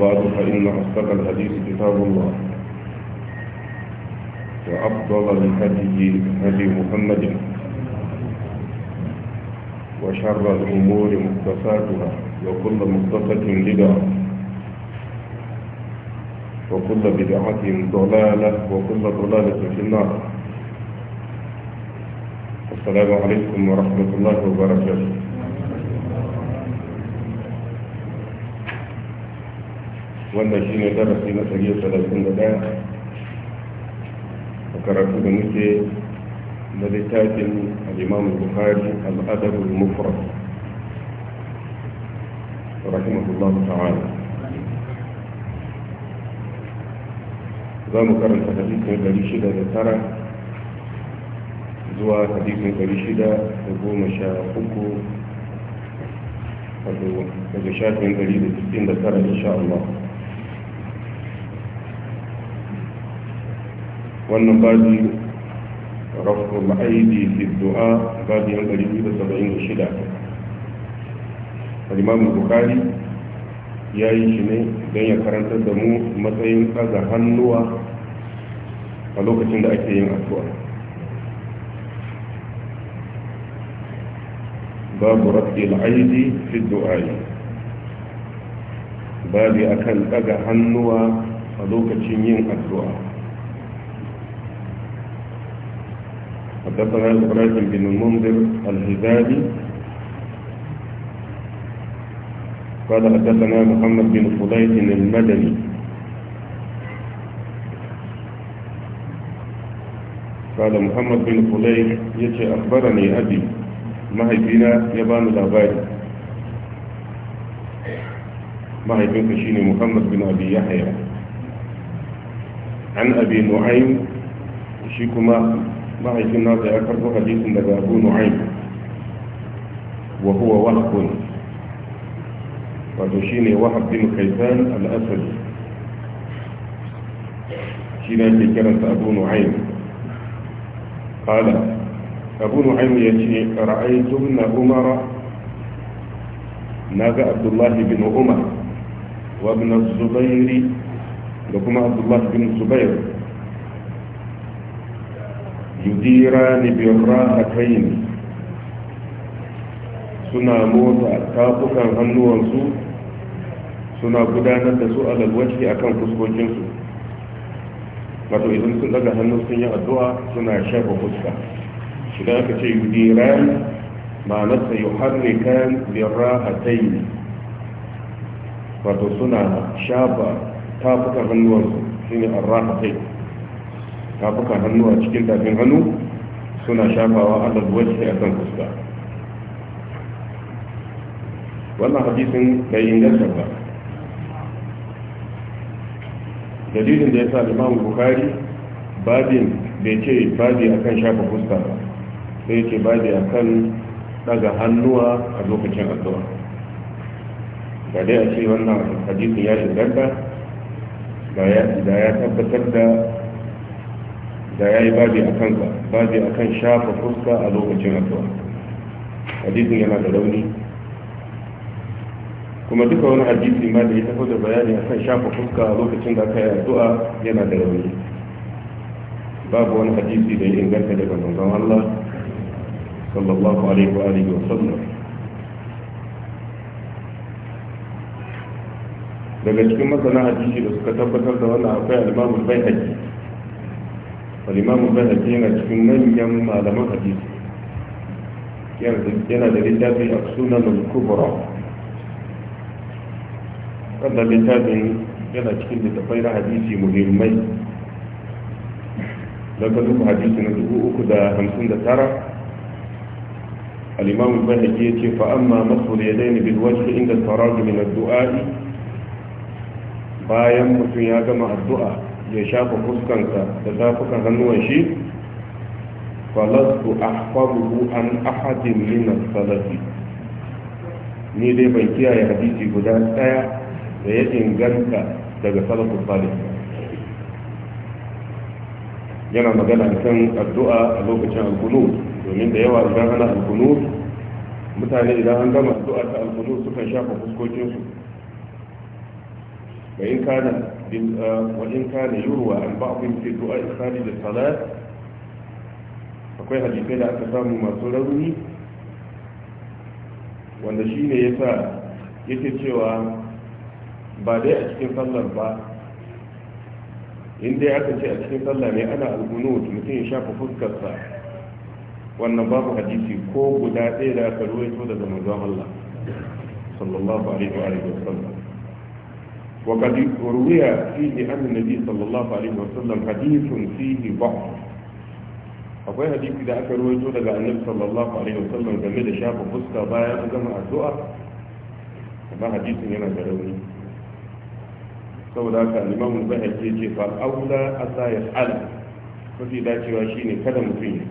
وبعد فإن أصدق الحديث كتاب الله وأفضل الهدي هدي محمد وشر الأمور مقتصاتها وكل مقتصة بدعة وكل بدعة ضلالة وكل ضلالة في النار السلام عليكم ورحمة الله وبركاته wannan shi ne darasi na tsariyar talatin da daya a karatu da muke na littafin al'imamu bukari al'adabul mufra rahimahullah ta'ala za mu karanta hadisin ɗari shida da tara zuwa hadisin ɗari shida goma sha wato daga shafin ɗari da tara insha Allah wannan babi rafu ma'aidi fi du'a da shida, al-imam bukhari ya yi shi ne don ya karantar da mu matsayin tsaga hannuwa a lokacin da ake yin addu'a babu rafi ma'aidi fi du'ayi babu akan tsaga hannuwa a lokacin yin addu'a حدثنا إبراهيم بن المنذر الهزالي قال حدثنا محمد بن خليل المدني قال محمد بن خليل يجي أخبرني أبي ما هي بنا يبان الأباري ما هي بنك شيني محمد بن أبي يحيى عن أبي نعيم شيكما mahaifin nasa ya karɓo hadisin daga abu nu'aym wa huwa wahbun wato shine wahab bin kaisan al-asadi shi ne ake kiransa abu nu'aym kala abu ya yace ra'aytu ibn umara naga abdullahi bin umar wa ibn az-zubair da kuma abdullahi bin zubair yudira ni birra'atayn suna motsa tafukan hannuwansu suna gudanar da su alalwaci akan fuskokinsu wato idan sun daga hannu sun yi addu'a suna shafa fuska idan aka ce yudiran ma'anarsa yuharrikan birra'atayn wato suna shafa tafukan hannuwansu shine arra'atayn tafukan hannu a cikin tafin hannu suna shafawa alal a kan fuska wannan hadisin bai inganta ba dalilin da ya sa Limamu bukari babin bai ce babi akan shafa fuska ba sai ce babi akan daga hannuwa a lokacin addu'a ga dai a ce wannan hadisin ya inganta da ya tabbatar da da ya yi babi a kansa babi a kan shafa fuska a lokacin addu'a hadisin yana da rauni kuma duka wani hadisi ma da ya tafi da bayani a kan shafa fuska a lokacin da aka yi addu'a yana da rauni babu wani hadisi da ya inganta daga manzon Allah sallallahu alaihi wa alihi wa sallam daga cikin masana hadisi da suka tabbatar da wannan akwai al-Imam al-Baihaqi al'imamu zahabi yana cikin manyan malaman hadisi yana da littafi a sunan al-kubra wannan littafin yana cikin littafai na hadisi muhimmai ka duk hadisi na dubu uku da hamsin da tara الإمام البهجي فأما مصر اليدين بالوجه عند الفراغ من الدعاء بايم متن يا جماعة الدعاء ya shafa fuskansa da tafukan hannuwan shi falastu ahfazuhu an ahadin min salafi ni dai ban kiyaye hadisi guda daya da ya inganta daga salafus salih yana magana kan addu'a a lokacin alkunu domin da yawa idan ana alkunu mutane idan an gama addu'a ta alkunu sukan shafa fuskokinsu وإن كان وإن كان يروى عن بعضهم في الدعاء خارج الصلاة akwai hadisai da aka samu masu rauni wanda shi ne ya sa cewa ba dai a cikin sallar ba in dai aka ce a cikin sallah ne ana algunut ya shafa fuskarsa wannan babu hadisi ko guda ɗaya da aka ruwaito daga manzon Allah sallallahu alaihi wa sallam وقد روي فيه عن النبي صلى الله عليه وسلم حديث فيه ضعف akwai hadisi da aka ruwaito daga annabi sallallahu alaihi wasallam game da shafa fuska bayan an gama addu'a amma hadisin yana da rauni saboda haka al-imam al-bayhaqi ce fa aula asa yas'ala mafi dacewa shine kada mutum ya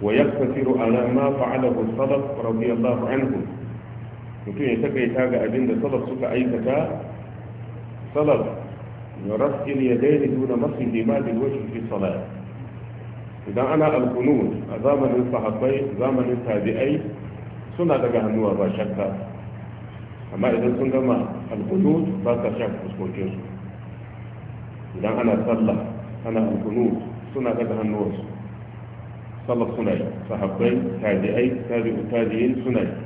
wa yaktasiru ala ma fa'alahu salaf radiyallahu anhu mutum ya takaita ga abin da salaf suka aikata الصلاة يرفع اليدين دون مصر دماء الوجه في الصلاة إذا أنا القنود أظام الإنسى حطي أظام سنة لك هنوى أما إذا سنة ما القنود باتا شك اسمه جزء إذا أنا صلى أنا القنود سنة لك هنوى صلى سنة صحبين هادئي هادئ تادئين سنة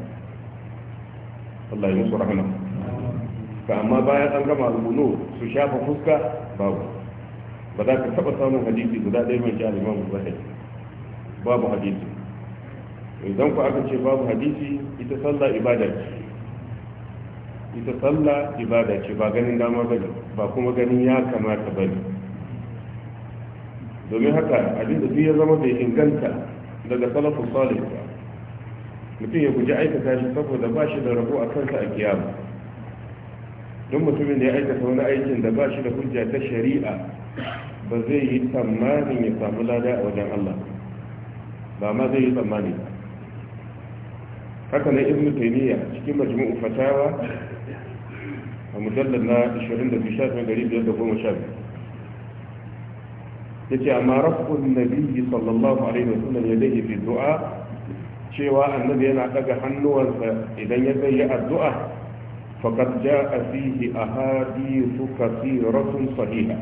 الله ينصر رحمه Ka amma bayan an gama albulo su shafa fuska babu ba za ka taɓa samun hadisi guda ɗaya mai jihar imamu zahir babu hadisi idan ku aka ce babu hadisi ita sallah ibada ce ita sallah ibada ce ba ganin dama ba ba kuma ganin ya kamata ne. domin haka abinda duk ya zama bai inganta daga salafin salih ba mutum ya guji aikata shi saboda ba shi da rabu a kansa a kiyama don mutumin da ya aikata wani aikin da ba shi da hujja ta shari'a ba zai yi tsammanin ya samu lada a wajen Allah ba ma zai yi tsammani haka na ibn taymiya cikin majmu'u fatawa a mujallar na 22,512 ya ce amma rafin nabi sallallahu alaihi wasallam ya dage fi du'a cewa annabi yana daga hannuwansa idan ya zai yi addu'a فقد جاء فيه أحاديث كثيرة صحيحة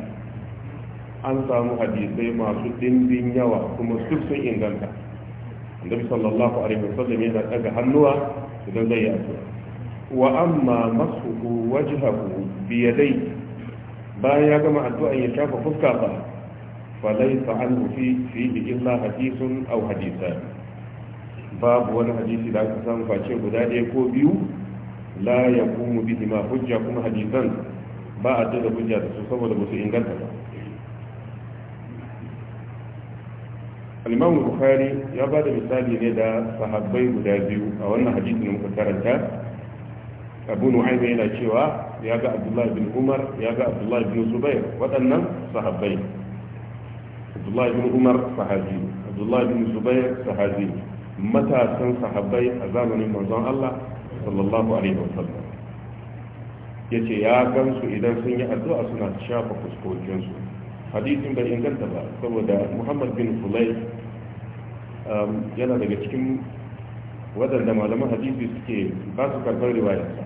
an samu hadisai masu dimbin yawa kuma duk sun inganta annabi sallallahu alaihi wasallam yana daga hannuwa idan zai yi addu'a wa amma masuhu wajhahu bi yadayhi bayan ya gama addu'an ya shafa fuska fa falaysa anhu fi fihi illa hadithun aw hadithan babu wani hadisi da aka samu face guda ɗaya ko biyu la ya kuma bihi ma hujja kuma hadisan ba a da hujja da su saboda ba su inganta ba al-imam bukhari ya ba da misali ne da sahabbai guda biyu a wannan hadisi na muka karanta abu nu'aym yana cewa ya ga abdullahi bin umar ya ga abdullahi bin zubair waɗannan sahabbai abdullahi bin umar sahabi abdullahi bin zubair sahabi matasan sahabbai a zamanin manzon Allah sallallahu alaihi wasallam ya ce ya gamsu idan sun yi addu'a suna shafa fuskokinsu hadisin bai inganta ba saboda muhammad bin fulai um, yana daga cikin waɗanda malaman hadisi suke ba su karɓar riwayarsa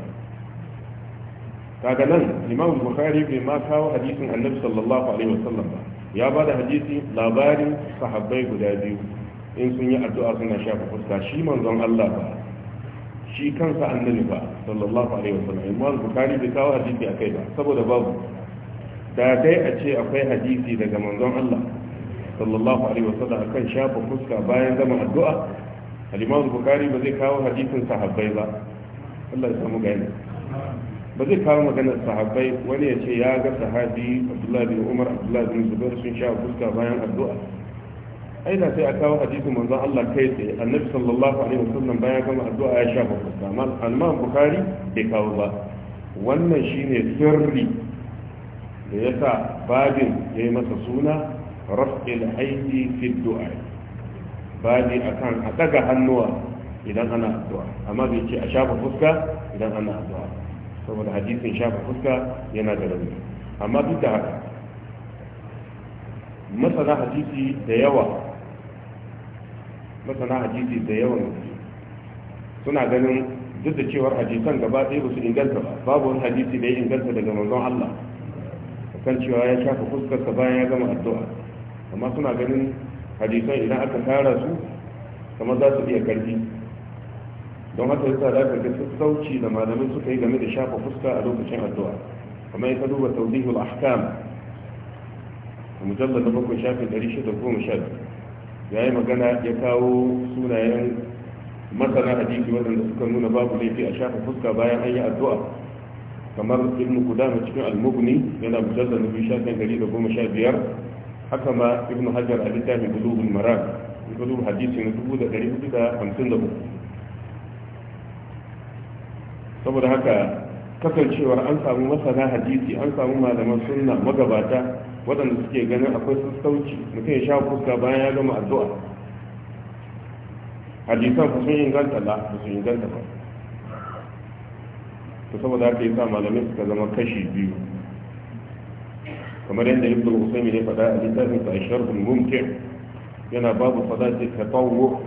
kaga nan imam bukhari bai ma kawo hadisin annabi sallallahu alaihi wasallam ba ya ba da hadisi labarin sahabbai guda biyu in sun yi addu'a suna shafa fuska shi manzon Allah ba shi kansa annabi ba sallallahu alaihi wasallam imam bukari bai kawo hadisi akai ba saboda babu da dai a ce akwai hadisi daga manzon Allah sallallahu alaihi wasallam akan shafa fuska bayan zama addu'a al-imam bukari ba zai kawo hadisin sahabbai ba Allah ya samu gani ba zai kawo maganar sahabbai wani ya ce ya ga sahabi Abdullahi bin Umar Abdullahi bin Zubair sun shafa fuska bayan addu'a ai da sai a kawo hadisin manzon Allah kai tsaye annabi sallallahu alaihi wasallam baya gama addu'a ya sha bakwai amma al-Imam Bukhari bai kawo ba wannan shine sirri da yasa babin yayi masa suna raf'il aidi fi du'a babi akan a daga hannuwa idan ana addu'a amma bai ce a shafa fuska idan ana addu'a saboda hadisin shafa fuska yana da rauni amma duk da haka masana hadisi da yawa masana hadisi da yawan suna ganin duk da cewar hadisan gaba ɗaya ba su inganta ba babu wani hadisi da ya inganta daga manzon Allah kan cewa ya shafa fuskarsa bayan ya gama addu'a amma suna ganin hadisan idan aka tara su kamar za su iya karfi don haka yasa da aka ga sauci da malamai suka yi game da shafa fuska a lokacin addu'a kamar ya duba tawdihul ahkam mujallad na bakwai shafin 612 ya yi magana ya kawo sunayen masana hadisi waɗanda suka nuna babu laifi a shafa fuska bayan an yi addu'a kamar guda kudama cikin almugni yana mujallar nufin shafin gari da goma sha biyar haka ma ibnu hajar a littafin bulugul maram bulugul hadisi na dubu da ɗari hudu da hamsin da uku saboda haka kasancewar an samu masana hadisi an samu malaman sunna magabata waɗanda suke ganin akwai sassauci mutum ya sha fuska bayan ya gama addu'a hadisan ku sun inganta la ba su inganta ba Ta saboda haka yasa malamai suka zama kashi biyu kamar yadda ibnu usaimi ne faɗa a littafin sa sharhul mumkin yana babu ta tatawwu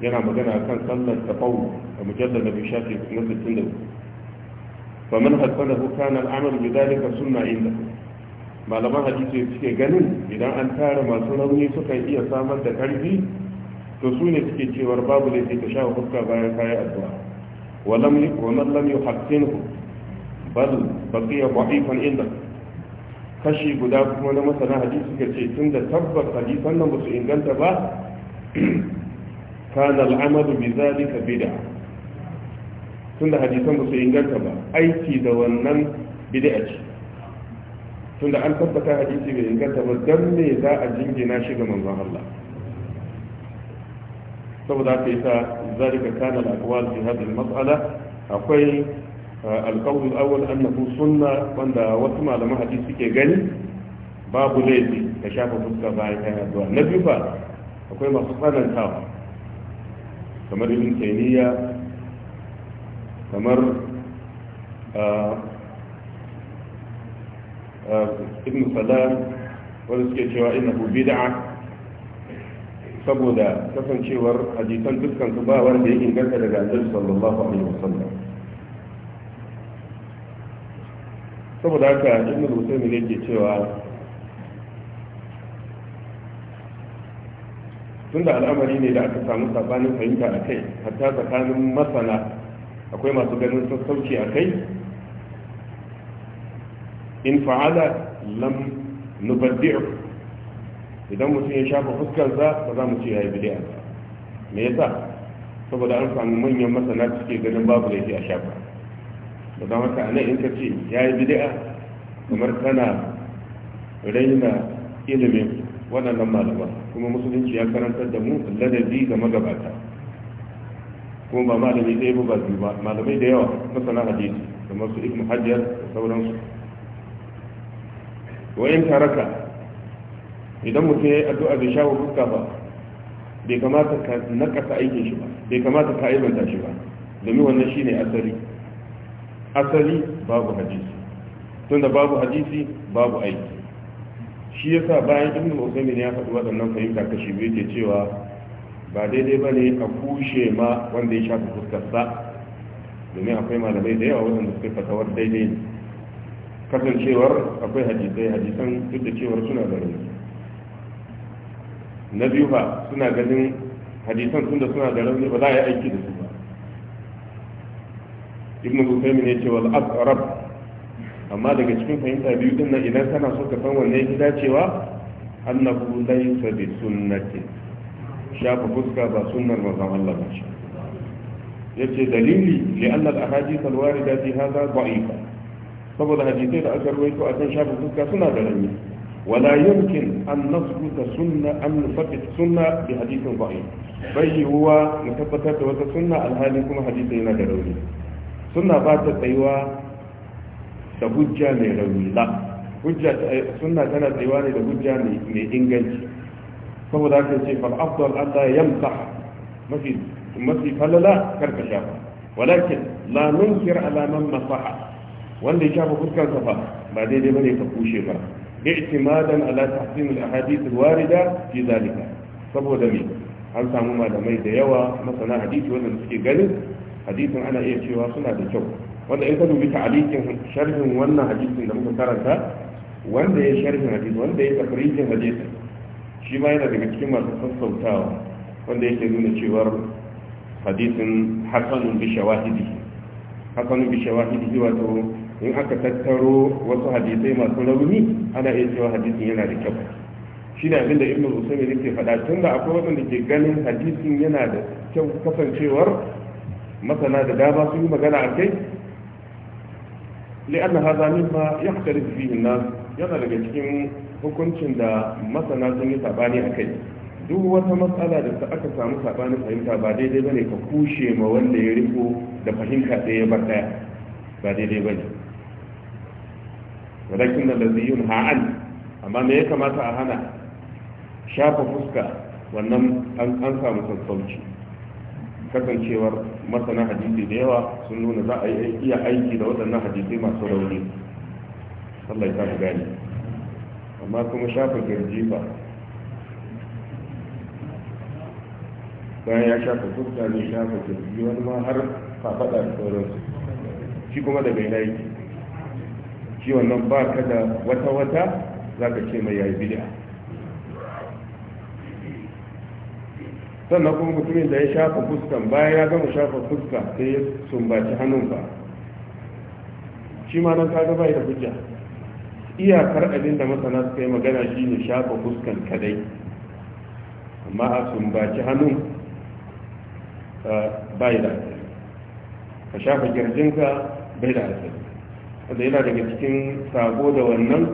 yana magana akan sallar ta tatawwu a mujallal nabi shafi na 63 faman hasanahu kana al'amal bi dhalika sunna indahu malaman hadisi suke ganin idan an tara masu rauni suka iya samar da karfi to su ne suke cewar babu da ka sha hukka bayan kayan addu'a walam waman lam yuhaqqinhu bal baqiya dha'ifan inda kashi guda kuma na masana hadisi suka ce tunda tabbas hadisan nan ba su inganta ba kana al'amalu bi zalika bid'a tunda hadisan ba su inganta ba aiki da wannan bid'a ce tunda an tabbata hadisi bai inganta ba dan me za a jingina shi ga manzon Allah saboda haka ta zalika kana al-aqwal fi hadhihi al-mas'ala akwai uh, al-qawl al-awwal annahu sunna wanda wasu malaman hadisi suke gani babu laifi ka shafa fuska bayan kayan addu'a na biyu ba akwai masu tsanantawa kamar ibn taymiya kamar uh, ibn salam wanda suke cewa innahu bid'a saboda kasancewar hadisan dukkan su ba wanda ya inganta daga annabi sallallahu alaihi wasallam saboda haka ibn al ne yake cewa tunda al'amari ne da aka samu sabanin fahimta a kai hatta tsakanin masana akwai masu ganin sassauci a kai in fa'ala lam nubaddi'u idan mutum ya shafa za ba za mu ce ya yi ba me yasa saboda an samu manyan masana suke ganin babu laifi a shafa da don haka anan in ka ce ya yi bidi'a kamar kana raina ilimin waɗannan malaman kuma musulunci ya karantar da mu ladabi ga magabata kuma ba malami ɗaya ba ba malamai da yawa masana hadisi kamar su ibn hajjar da sauransu wa in taraka idan mutum ya yi addu'a bai shawo fuska ba bai kamata ka nakasa aikin shi ba bai kamata ka aibanta shi ba domin wannan shine asali asali babu hadisi tunda babu hadisi babu aiki shi yasa bayan ibn usaimin ya faɗi waɗannan fahimta kashi biyu ke cewa ba daidai ba ne a kushe ma wanda ya shafi fuskarsa domin akwai malamai da yawa da suka fatawar daidai ne kasancewar akwai hadisai hadisan duk da cewar suna da rauni na biyu ba suna ganin hadisan sun da suna da rauni ba za a yi aiki da su ba ibn husaymin ya ce wal asrab amma daga cikin fahimta biyu din nan idan kana so ka san wanne yake dacewa annahu laysa bi sunnati shafa fuska ba sunnar manzon Allah ba ce yace dalili li anna al ahadith al warida fi hadha da'ifa saboda hadisai da aka ruwaito a kan shafin fuska suna da rauni wala yumkin an nasbuta sunna an nusabit sunna bi hadisin da'if bai yiwuwa mu tabbatar da wata sunna alhali kuma hadisi yana da rauni sunna ba ta tsayuwa da hujja mai rauni la hujja eh, sunna tana tsayuwa ne da hujja mai inganci saboda haka ce fa afdal alla yamsah mafi mafi falala karka shafa walakin la nunkir ala man masaha wanda ya shafa fuskar fa ba daidai bane ka kushe ba i'timadan ala tahsin al ahadith al warida fi zalika saboda me an samu malamai da yawa masana hadisi wanda suke ganin hadisin ana iya cewa suna da kyau wanda in ka dubi ta'alikin sharhin wannan hadisin da muka karanta wanda ya sharhin hadisi wanda ya tafrijin hadisi shi ma yana daga cikin masu sassautawa wanda yake nuna cewar hadisin hasanun bi shawahidi hasanun bi shawahidi wato in aka tattaro wasu hadisai masu rauni ana iya cewa hadisin yana da kyau shi ne abinda ibn usaimi yake faɗa tun da akwai waɗanda ke ganin hadisin yana da kyau kasancewar masana da dama sun yi magana a kai li'anna hada mimma yahtarifu fihi nas yana daga cikin hukuncin da masana sun yi sabani a kai duk wata matsala da ta aka samu saɓanin fahimta ba daidai bane ka kushe ma wanda ya riko da fahimta ɗaya bar ɗaya ba daidai bane walakin da laziyun ha'an amma me ya kamata a hana shafa fuska wannan an samu sassauci kasancewar masana hadisi da yawa sun nuna za a iya aiki da waɗannan hadisi masu rauni Allah ya kama gani amma kuma shafa girji ba bayan ya shafa fuska ne shafa girji wani ma har fafaɗa da sauransu shi kuma da bai na yake shi wannan ba ka da wata-wata za ka ce mai yayi bid'a sannan kuma mutumin da ya shafa fuskan bayan ya gama shafa fuska sai ya sumbaci hannun ba shi ma nan kaga bai da hujja iyakar abin da masana suka yi magana shi ne shafa fuskan kadai amma a sumbaci hannun eh, bai da ka shafa kirjinka bai da asali wanda yana daga cikin sabo da wannan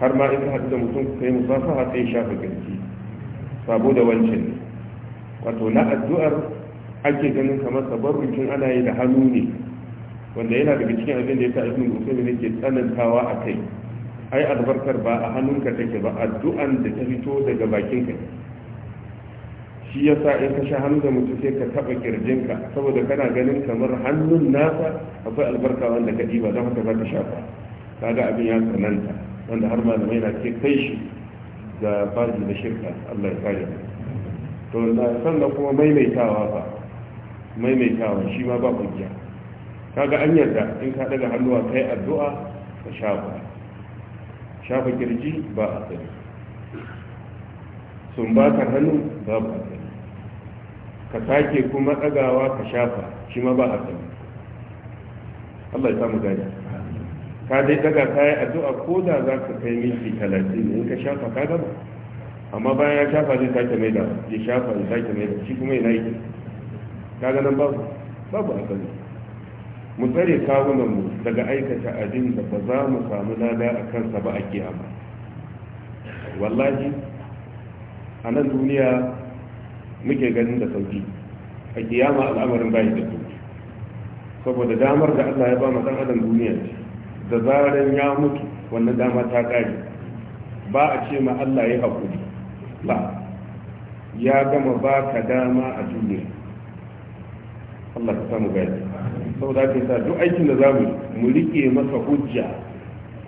har ma ita hadu da mutum sai kai musafaha sai shafa kirki sabo da wancan wato na addu'ar ake ganin kamar rikin ana yi da hannu ne wanda yana daga cikin abin da ya sa ibn musulmi ne ke tsanantawa a kai ai albarkar ba a hannunka take ba addu'an da ta fito daga bakinka ne shi ya sa in ka sha hannu da mutum sai ka taɓa kirjinka saboda kana ganin kamar hannun nasa akwai albarka wanda ka ba don haka za ka shafa kaga abin ya tsananta wanda har malamai na ke kai shi da faji da shirka Allah ya kare to na sannan kuma maimaitawa ba maimaitawa shi ma ba Ka ga an yarda in ka daga hannuwa kai addu'a ka shafa shafa kirji ba a tsari sumbatar hannu babu a ka take kuma ɗagawa ka shafa shi ma ba a sani Allah ya samu gani ka dai daga yi addu'a ko da za ka kai minti talatin in ka shafa ka gama amma bayan ya shafa zai sake mai da ya shafa ya sake mai da shi kuma yana yi ka ga nan babu babu a sani mu tsare kawunan mu daga aikata abin da ba za mu samu lada a kansa ba a kiyama wallahi a nan duniya muke ganin da sauki a kiyama al'amarin bayi da sauki saboda damar da Allah ya ba mu dan adam duniya ce da zaran ya mutu wannan dama ta kare ba a ce ma Allah ya hakuri ba ya gama ba ka dama a duniya Allah ka samu gani saboda haka sa duk aikin da zamu mu rike masa hujja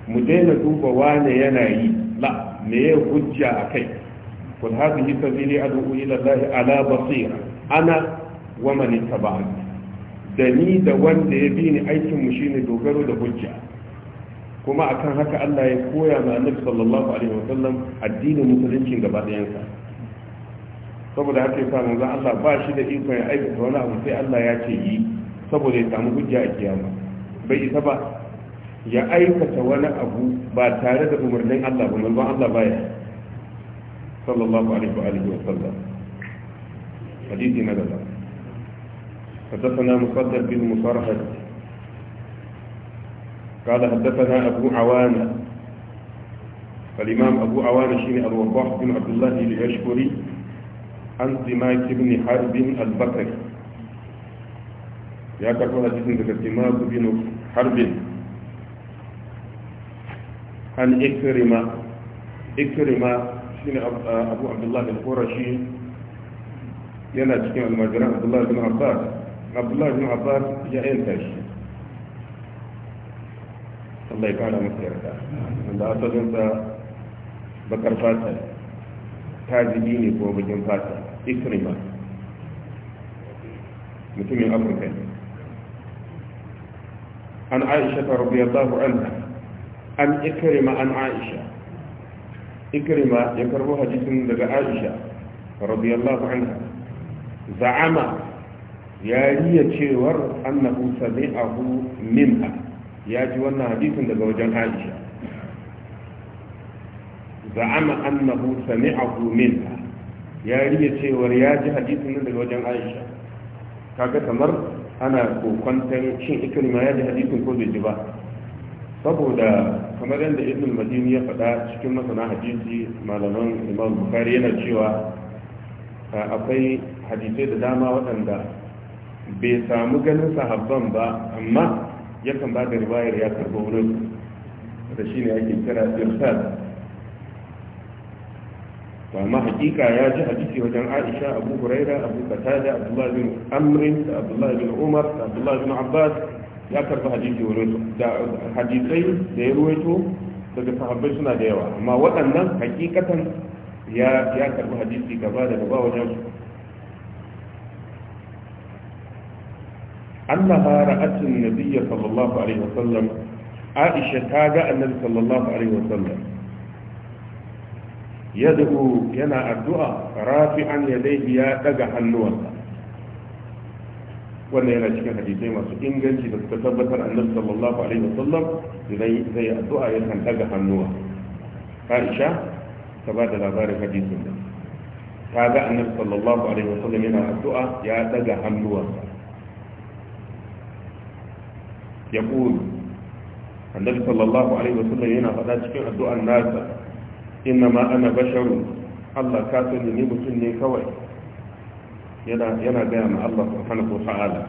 mu daina duba wane yana yi la me ya hujja a kai kun hadhihi sabili ad'u ila Allah ala basira ana wa man ittaba'ani da ni da wanda ya bi ni aikin mu shine dogaro da hujja kuma akan haka Allah ya koya ma sallallahu alaihi wasallam addinin musulunci gaba ɗayansa saboda haka yasa manzo Allah ba shi da ikon ya aikata wani abu sai Allah ya ce yi saboda ya samu hujja a kiyama bai isa ba ya aikata wani abu ba tare da umarnin Allah ba manzo Allah baya صلى الله عليه وآله وسلم حديث ندى حدثنا مصدر بن مصرحة قال حدثنا أبو عوانة فالإمام أبو عوانة شين الوضاح بن عبد الله ليشكري عن سماك بن حرب البكري يا كفر حديث ذكر سماك بن حرب عن إكرمة إكرمة shine uh, abu abdullah bin qurashi yana cikin almajiran abdullah bin abbas abdullah bin abbas ya yanta shi Allah ya kara masa yarda wanda asalinsa bakar fata jibi ne ko bakin fata ikrima mutumin afirka ne an aisha ta rabu ya zahu an an ikrima an aisha ikrima ya karbo hadisin daga aisha radiyallahu anha za'ama ya riya cewar annahu sami'ahu minha ya ji wannan hadisin daga wajen aisha za'ama annahu sami'ahu minha ya riya cewar ya ji hadisin daga wajen aisha kaga kamar ana kokwantar shin ikrima ya ji hadisin ko bai ji ba saboda kamar yadda ibn madini ya faɗa cikin masana hadisi malaman imam bukari yana cewa akwai hadisai da dama waɗanda bai samu ganin sahabban ba amma yakan ba da ribayar ya karɓo wurin da shi ne ake kira irsal to amma hakika ya ji hadisi wajen aisha abu huraira abu qatada abdullahi bin da abdullahi bin umar da abdullahi bin abbas ya karbi hadisi wurin da hadisai da ya ruwaito daga sahabbai suna da yawa amma waɗannan hakikatan ya ya karbi hadisi gaba da gaba wajen su أنها رأت النبي صلى الله عليه وسلم عائشة تاجا النبي صلى الله عليه وسلم يدعو ينا الدعاء رافعا يديه يا تجا هنوسا wannan yana cikin hadisai masu inganci da suka tabbatar annabi sallallahu alaihi wasallam idan zai addu'a ya yakan daga hannuwa Aisha ta ba da labarin hadisin da ta ga annabi sallallahu alaihi wasallam yana addu'a ya daga hannuwa ya ƙuri annabi sallallahu alaihi wasallam yana faɗa cikin addu'an nasa inna ma ana basharu Allah ka sani ni mutum ne kawai yana gaya ma Allah subhanahu wa ta'ala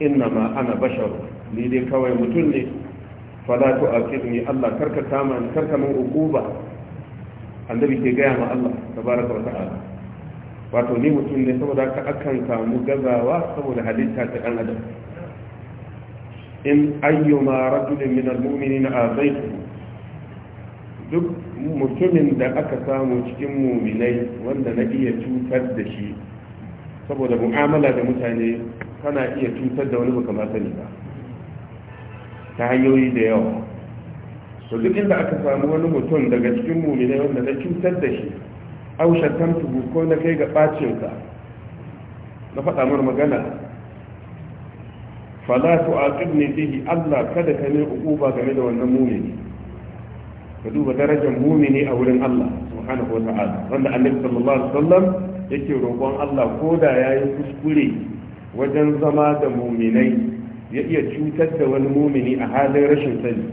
inna ma ana bashar ni dai kawai mutum ne fala tu akidni Allah karka kama ni karka min uquba annabi ke gaya ma Allah tabaraka wa ta'ala wato ni mutum ne saboda ka akan samu gazawa saboda halitta ta kan adam in ayyuma rajulin min almu'minina azaitu duk mutumin da aka samu cikin muminai wanda na iya cutar da shi saboda mu'amala da mutane kana iya cutar da wani baka ma ba ta hanyoyi da yawa to duk inda aka samu wani mutum daga cikin mumine wanda na cutar da shi au shattamtuhu ko na kai ga bacinsa na faɗa mana magana a tu'aqibni bihi Allah kada ka ne ukuba game da wannan mumini ka duba darajar mumini a wurin Allah subhanahu wa ta'ala wanda annabi sallallahu alaihi wasallam yake roƙon Allah ko da ya yi kuskure wajen zama da muminai ya iya cutar da wani mumini a halin rashin sani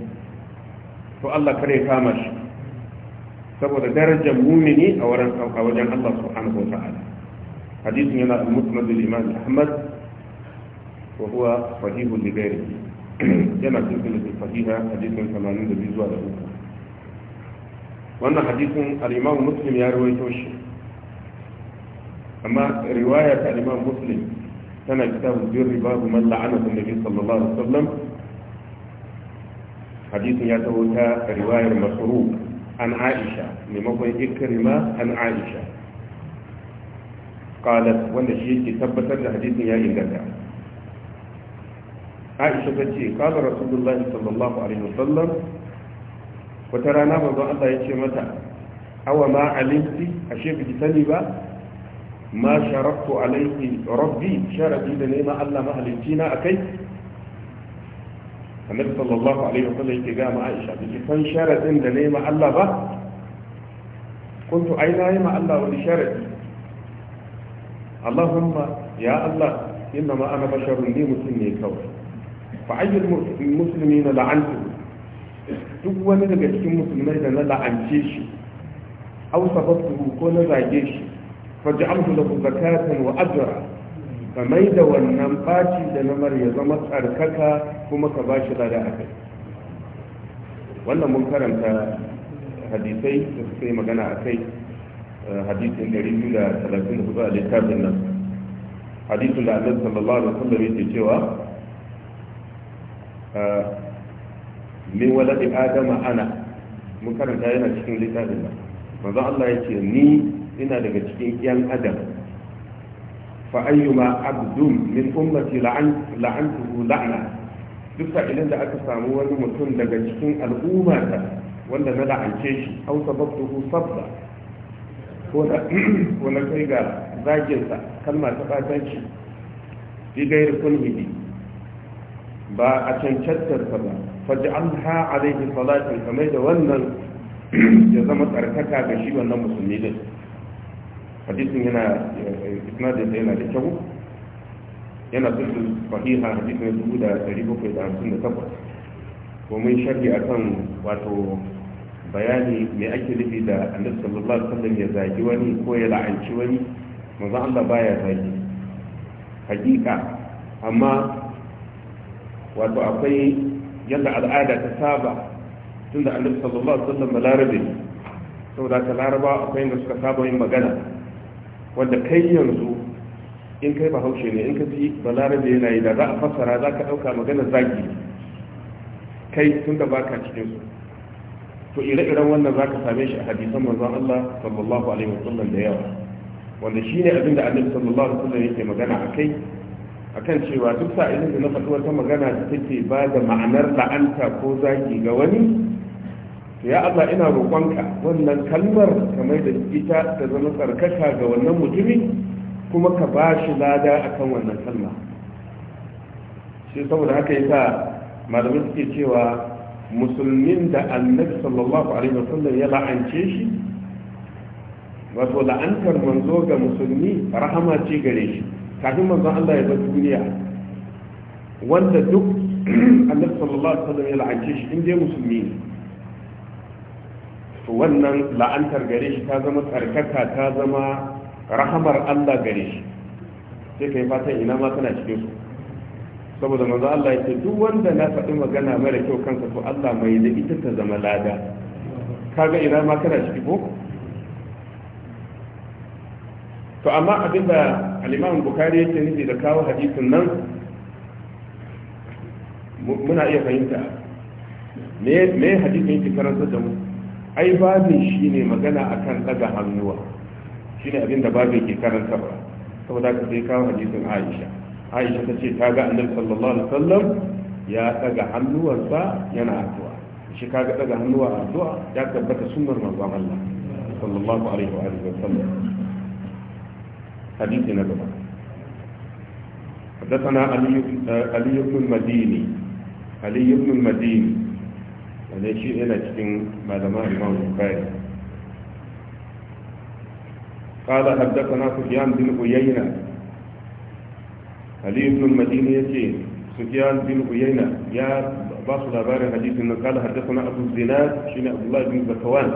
to Allah kare kama shi saboda darajar mumini a wurin sauka wajen Allah subhanahu wa ta'ala hadisin yana da musnad al-imam Ahmad wa huwa sahihul libari yana cikin sahiha hadisin 82 zuwa da 3 wannan hadisin al-imam Muslim ya rawaito shi amma riwaya ta imam muslim tana kitabu birri babu man la'anahu nabi sallallahu alaihi wasallam hadisin ya taho ta riwayar masruq an aisha maimakon ikrima an aisha qalat wanda shi yake tabbatar da hadisin ya inganta aisha ta tace qala rasulullahi sallallahu alaihi wasallam wata rana manzon Allah ya ce mata awa ma alimti ashe biki sani ba ma sharaftu alaihi rabbi sharadi da nema Allah mahalicci na akai annabi sallallahu alaihi wasallam yake ga ma Aisha bi san sharadin da nema Allah ba kuntu aina yi ma Allah wani sharadi Allahumma ya Allah inna ma ana basharun mutum ne kawai la'antu duk wani daga cikin musulmai da na la'ance shi au sababtu ko na zage shi faj'alhu lahu zakatan wa ajra ka mai da wannan baci da namar ya zama tsarkaka kuma ka bashi lada a kai wannan mun karanta hadisai da suka yi magana a kai hadisin 234 a littafin nan hadisin da annabi sallallahu alaihi wasallam yake cewa min waladi adama ana mun karanta yana cikin littafin nan manzo Allah ya ni ina daga cikin yan adam fa ayyuma abdum min ummati la'antuhu la'na duk sa'ilin da aka samu wani mutum daga cikin al'ummata wanda na la'ance shi aw sababtuhu sabba ko ko na kai ga zaginsa kalma ta fatanci fi gairi kulhihi ba a sa ba faj'alha alayhi salatan kamar da wannan ya zama tsarkaka ga shi wannan musulmi din hadisin yana isnadin da yana da kyau yana sulhu sahiha hadisin dubu da dari bakwai da hamsin da takwas domin sharhi akan wato bayani me ake nufi da annabi sallallahu alaihi wasallam ya zagi wani ko ya la'anci wani manzo Allah baya zagi hakika amma wato akwai yadda al'ada ta saba tunda annabi sallallahu alaihi wasallam balarabe saboda ta laraba akwai yadda suka saba yin magana wanda kai yanzu in kai bahaushe ne in ka ji balarabe yana yi da za a fassara za ka ɗauka magana zagi kai tun da baka cikin su to ire-iren wannan za ka same shi a hadisan manzon Allah sallallahu alaihi wasallam da yawa wanda shine abin da annabi sallallahu alaihi wa wasallam yake magana a kai akan cewa duk sa'ilin da na faɗi wata magana da take ba da ma'anar la'anta ko zagi ga wani ya Allah ina roƙonka wannan kalmar kamar da ita da zama tsarkaka ga wannan mutumin kuma ka ba shi lada akan wannan kalma shi saboda haka sa malamai suke cewa musulmin da annabi sallallahu alaihi wasallam ya la'ance shi wato la'antar manzo ga musulmi rahama ce gare shi kafin manzo Allah ya bar duniya wanda duk annabi sallallahu alaihi wasallam ya la'ance shi in inda musulmi ne to wannan la'antar gare shi ta zama tsarkaka ta zama rahamar Allah gare shi sai kai fatan ina ma tana cikin su saboda manzo Allah yake duk wanda na faɗi magana mara kyau kansa to Allah mai da ita ta zama lada kaga ina ma kana ciki ko to amma abinda al-Imam Bukhari yake nufi da kawo hadisin nan muna iya fahimta me me hadisin yake karanta da mu ai babin shi ne magana a kan ɗaga hannuwa shi ne abinda babin ke karanta ba saboda ka sai kawo hadisin aisha aisha ta ce ta ga annabi sallallahu alaihi wasallam ya ɗaga hannuwarsa yana addu'a shi kaga ɗaga hannuwa a addu'a ya tabbata sunnar manzon Allah sallallahu alaihi wa sallam. wasallam hadisi na gaba حدثنا علي علي بن المديني علي بن المديني wanda shi yana cikin malaman imam bukari قال حدثنا سفيان بن عيينة علي بن المدينة يتي سفيان بن عيينة يا باص لابار حديث إن قال حدثنا أبو الزناد شين عبد الله بن زكوان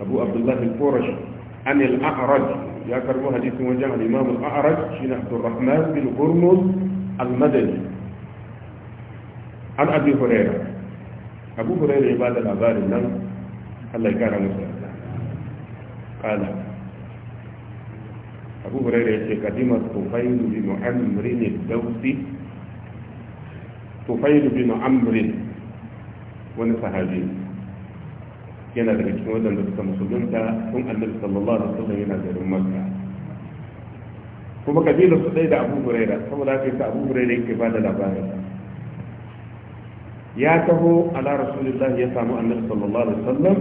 أبو عبد الله الفورش عن الأعرج يا كرم حديث وجاء الإمام الأعرج شين عبد الرحمن بن هرمز المدني عن أبي هريرة abu hurairah ya ba da labarin nan Allah ya kara musu kala abu hurairah ya ce kadima tufailu bi mu'amrin dausi tufailu bi mu'amrin wani sahabi yana daga cikin wadanda suka musulunta sun annabi sallallahu alaihi wasallam yana garin makka kuma kabila su ɗaya da abu hurairah saboda haka yasa abu hurairah yake ba da labarin ya taho ala rasulillah ya samu annabi sallallahu alaihi wasallam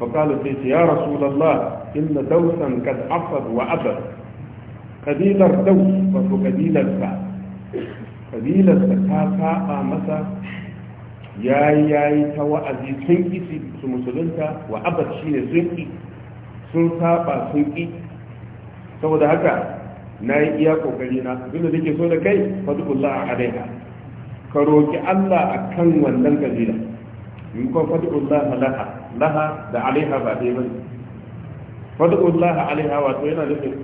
fa qala sai ya rasulullah inna dawsan kad afad wa abad kabilar daws wa to kabilar sa kabilar sa ta saba masa yayi yayi ta wa'azi sun kisi su musulunta wa abad shine sun sun saba sun ki saboda haka na yi iya kokari na abinda nake so da kai fadullah alaiha ka roƙi Allah a kan wannan kabila in ko fad'ullah laha laha da alaiha ba dai bane fad'ullah alaiha wato yana nufin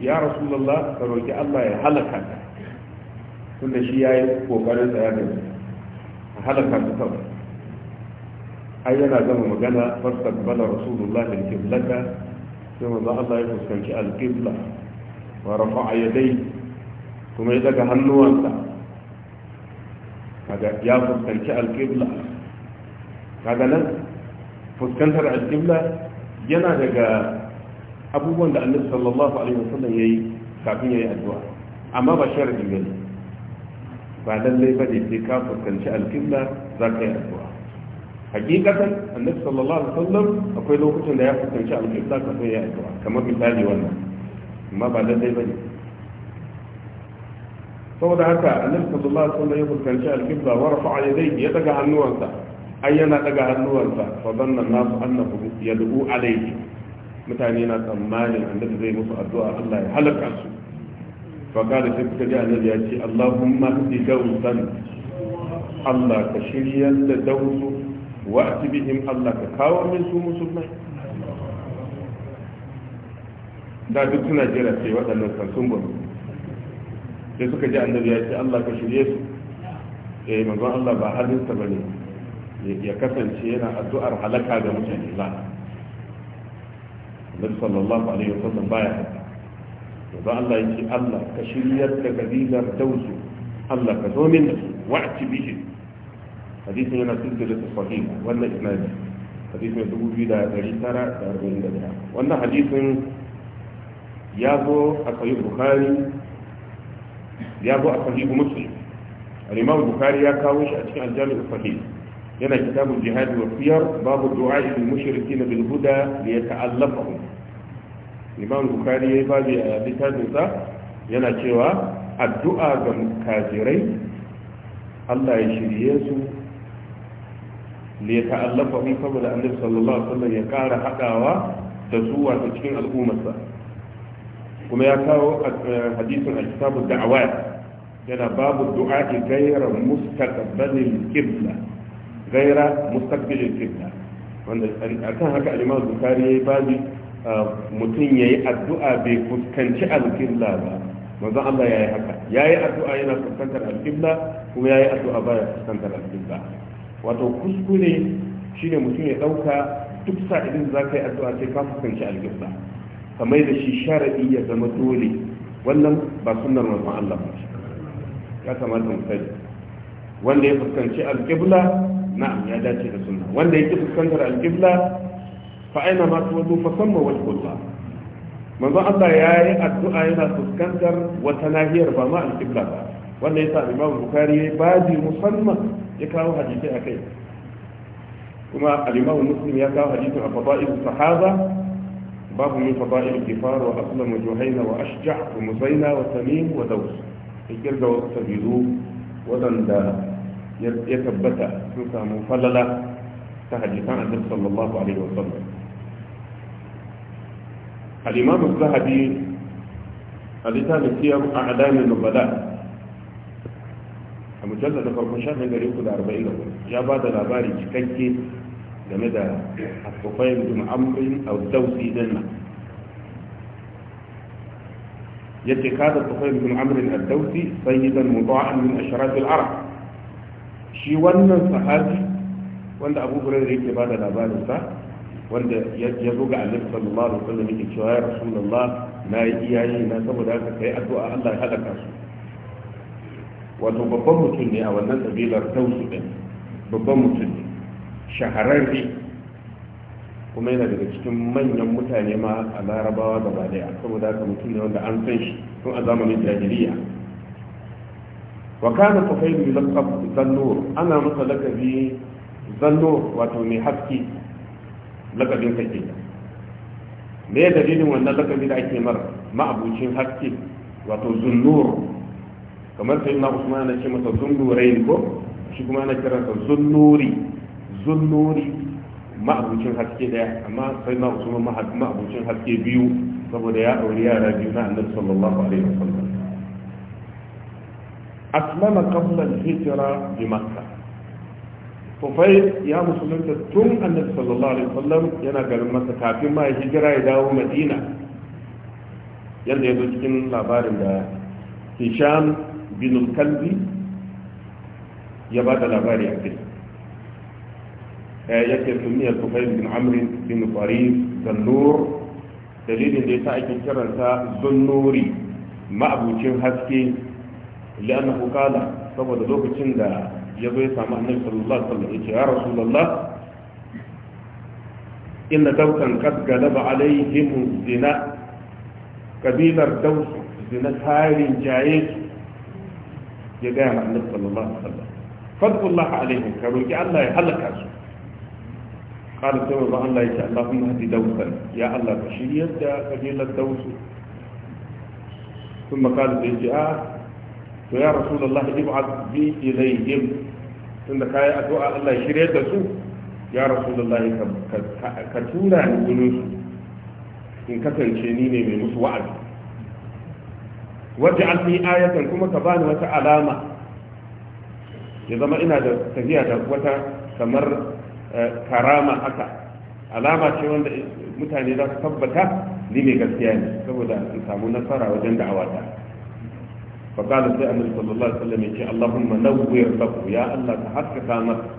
ya rasulullah ka roƙi Allah ya halaka ka tunda shi ya yayi kokarin tsaya da halaka ka kawai ai yana zama magana fastaqbala rasulullah al-qiblata sai manzo Allah ya fuskanci al-qibla wa rafa'a yadayhi kuma ya daga hannuwansa kaga ya fuskanci alƙibla kaga nan fuskantar alƙibla yana daga abubuwan da annabi sallallahu alaihi wasallam yayi kafin yayi addu'a amma ba sharadi bane ba lallai ba ne sai ka fuskanci alƙibla za ka yi addu'a hakikatan annabi sallallahu alaihi wasallam akwai lokacin da ya fuskanci alƙibla kafin yayi addu'a kamar misali wannan amma ba lallai ba ne saboda haka annabi sallallahu alaihi wasallam ya fuskanci alqibla wa rafa'a yadayhi ya daga hannuwansa ai yana daga hannuwansa fa danna nasu annahu yad'u alayhi mutane na tsammanin annabi zai musu addu'a Allah ya halaka su fa kada sai kuka ji annabi ya ce Allahumma hdi dawsan Allah ka shiryar da dawsu wa atibihim Allah ka kawo min su musulmai da duk suna jira sai waɗannan kan sun gudu sai suka ji annabi ya ce Allah ka shirye su eh manzon Allah ba halinsa bane ya kasance yana addu'ar halaka ga mutane la Annabi sallallahu alaihi wasallam baya haka yanzu Allah ya ce Allah ka shiryar da kabilar dausu Allah ka zo min da su wa'ti bihi hadisin yana da sahih wannan isnadi hadisin 2941 wannan hadisin ya zo a sahih bukhari ya zo a sahihu muslim al-imam bukhari ya kawo shi a cikin al Fahim, yana kitabun jihad wa siyar babu du'a lil mushrikin bil huda li yata'allafahum imam bukhari yayi babu a littafin sa yana cewa addu'a ga kafirai Allah ya shirye su li yata'allafahum saboda annabi sallallahu alaihi wasallam ya kara hadawa da su wato cikin sa, kuma ya kawo eh, hadisin al-kitabud da'awat yana babu du'a du'a'i gaira mustaqbalil qibla gaira mustaqbalil qibla wanda akan haka al-Imam Bukhari yayi babu mutum yayi addu'a bai fuskanci al-qibla ba manzo Allah yayi haka yayi addu'a yana fuskantar al-qibla kuma yayi addu'a ba ya fuskantar al-qibla wato kuskure shine mutum ya dauka duk sa'ilin za kai addu'a sai ka fuskanci al-qibla kamar da shi sharadi ya zama dole wannan ba sunnar manzon Allah ba ya kamata mu sani wanda ya fuskanci alƙibla na'am ya dace da sunna wanda ya ki fuskantar alƙibla fa aina ma tuwadu fa samma wajhullah manzo Allah ya yi addu'a yana fuskantar wata nahiyar ba ma alƙibla ba wanda ya sa Imam Bukhari yayi babi musamman ya kawo hadisi akai kuma al-Imam Muslim ya kawo hadisin a fada'il sahaba Babu min باب من فضائل الكفار وأسلم جهينة wa ومزينة wa ودوس فكر دو تجدو ودن دا يتبتا سوكا مفللا تحديثان عزيز صلى الله عليه وسلم الإمام الذهبي الذي كان في أعدام النبلاء المجلد الأول من شهر غريب إلى أربعين أول جاء بعد الأباري كنكي لمدى الطفيل بن عمرو أو الدوسي ذنبه yace kada Tufayl bin Amr al-Dawsi sayyidan muta'an min ashraf al-Arab shi wannan sahabi wanda Abu Hurairah yake bada labarin sa wanda ya zo ga Annabi sallallahu alaihi wasallam yake cewa ya Rasulullah na yi iyaye na saboda haka kai addu'a Allah ya halaka su wato babban mutum ne a wannan kabilar Dawsi din babban mutum ne shahararre kuma yana daga cikin manyan mutane ma a larabawa gaba daya saboda haka mutum ne wanda an san shi tun a zamanin jahiliya wa kana tufayl yulqab zannur ana masa lakabi zannur wato mai haske lakabin kake me da dalilin wannan lakabi da ake mar ma'abucin haske wato zunnur kamar sai na usman ne ce masa zunnurain ko shi kuma ana kiransa zunnuri zunnuri ma'abucin haske daya amma sai ma usman ma'abucin haske biyu saboda ya auri yara biyu na annabi sallallahu alaihi wasallam aslama qabla al-hijra bi makkah Fufai ya musulunta tun annabi sallallahu alaihi wasallam yana garin masa kafin ma hijira ya dawo Madina yadda ya zo cikin labarin da Hisham bin Kalbi ya ba da labari a kai Eh, yake sumiya tufayl bin amr bin farid nur dalilin da yasa ake kiransa nuri ma'abucin haske li'annahu qala saboda lokacin da ya zo ya samu annabi sallallahu alaihi wasallam yace ya rasulullah inna daukan qad galaba alaihim zina kabilar daus zina tarin jaye ya ga annabi sallallahu alaihi wasallam fadlullah alaihim ka roki Allah ya halaka su kada sai wa Allah ya ce ya Allah ka shiryar da kabilar dausu kuma kada sai ji a to ya rasulullahi ib'ad bi ilayhim tunda kai addu'a Allah ya shiryar da su ya rasulullahi ka tura ni gurin su in kasance ni ne mai musu wa'azi wajen an fi kuma ka bani wata alama ya zama ina da tafiya da wata kamar Eh, karama haka alama ce wanda mutane za su tabbata ni mai gaskiya ne saboda in samu nasara wajen da'awata faƙala sai annabi sallallahu alaihi wasallam yace Allahumma nawwir lahu ya Allah ka haskaka masa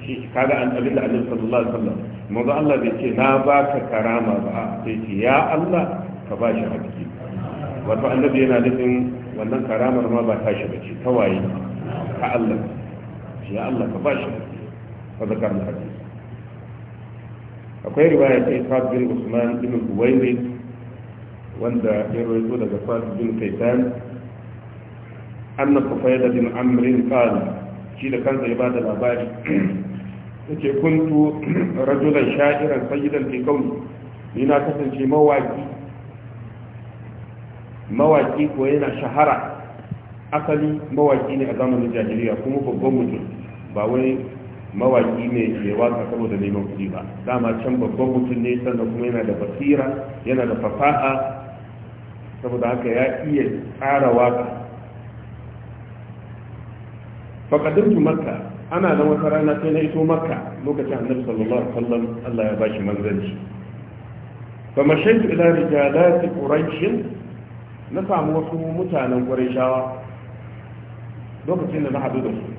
shi kaga an abinda annabi sallallahu alaihi wasallam manzo Allah bai ce na baka karama ba sai ce ya Allah ka ba shi hakki wato annabi yana nufin wannan karamar ma ba tashi bace tawaye ka Allah ya Allah ka ba shi hakki fa akwai riwaya ta Ishaq bin Usman bin Buwairi wanda ya rawaito daga Fas bin Kaitan anna Qufayda bin Amr qala shi da kansa ya bada labari yace kuntu rajulan sha'iran sayyidan fi kauni ni na kasance mawaki mawaki ko yana shahara asali mawaki ne a zamanin jahiliya kuma babban mutum ba wai mawaki ne ke waka saboda neman kuɗi ba dama can babban mutum ne sannan kuma yana da basira yana da fasaha saboda haka ya iya tsara waka faƙadin makka ana da wata rana sai na iso makka lokacin annabi sallallahu alaihi wasallam Allah ya bashi manzanci fa mashaitu ila rijalati quraish na samu wasu mutanen qurayshawa lokacin da na hadu da su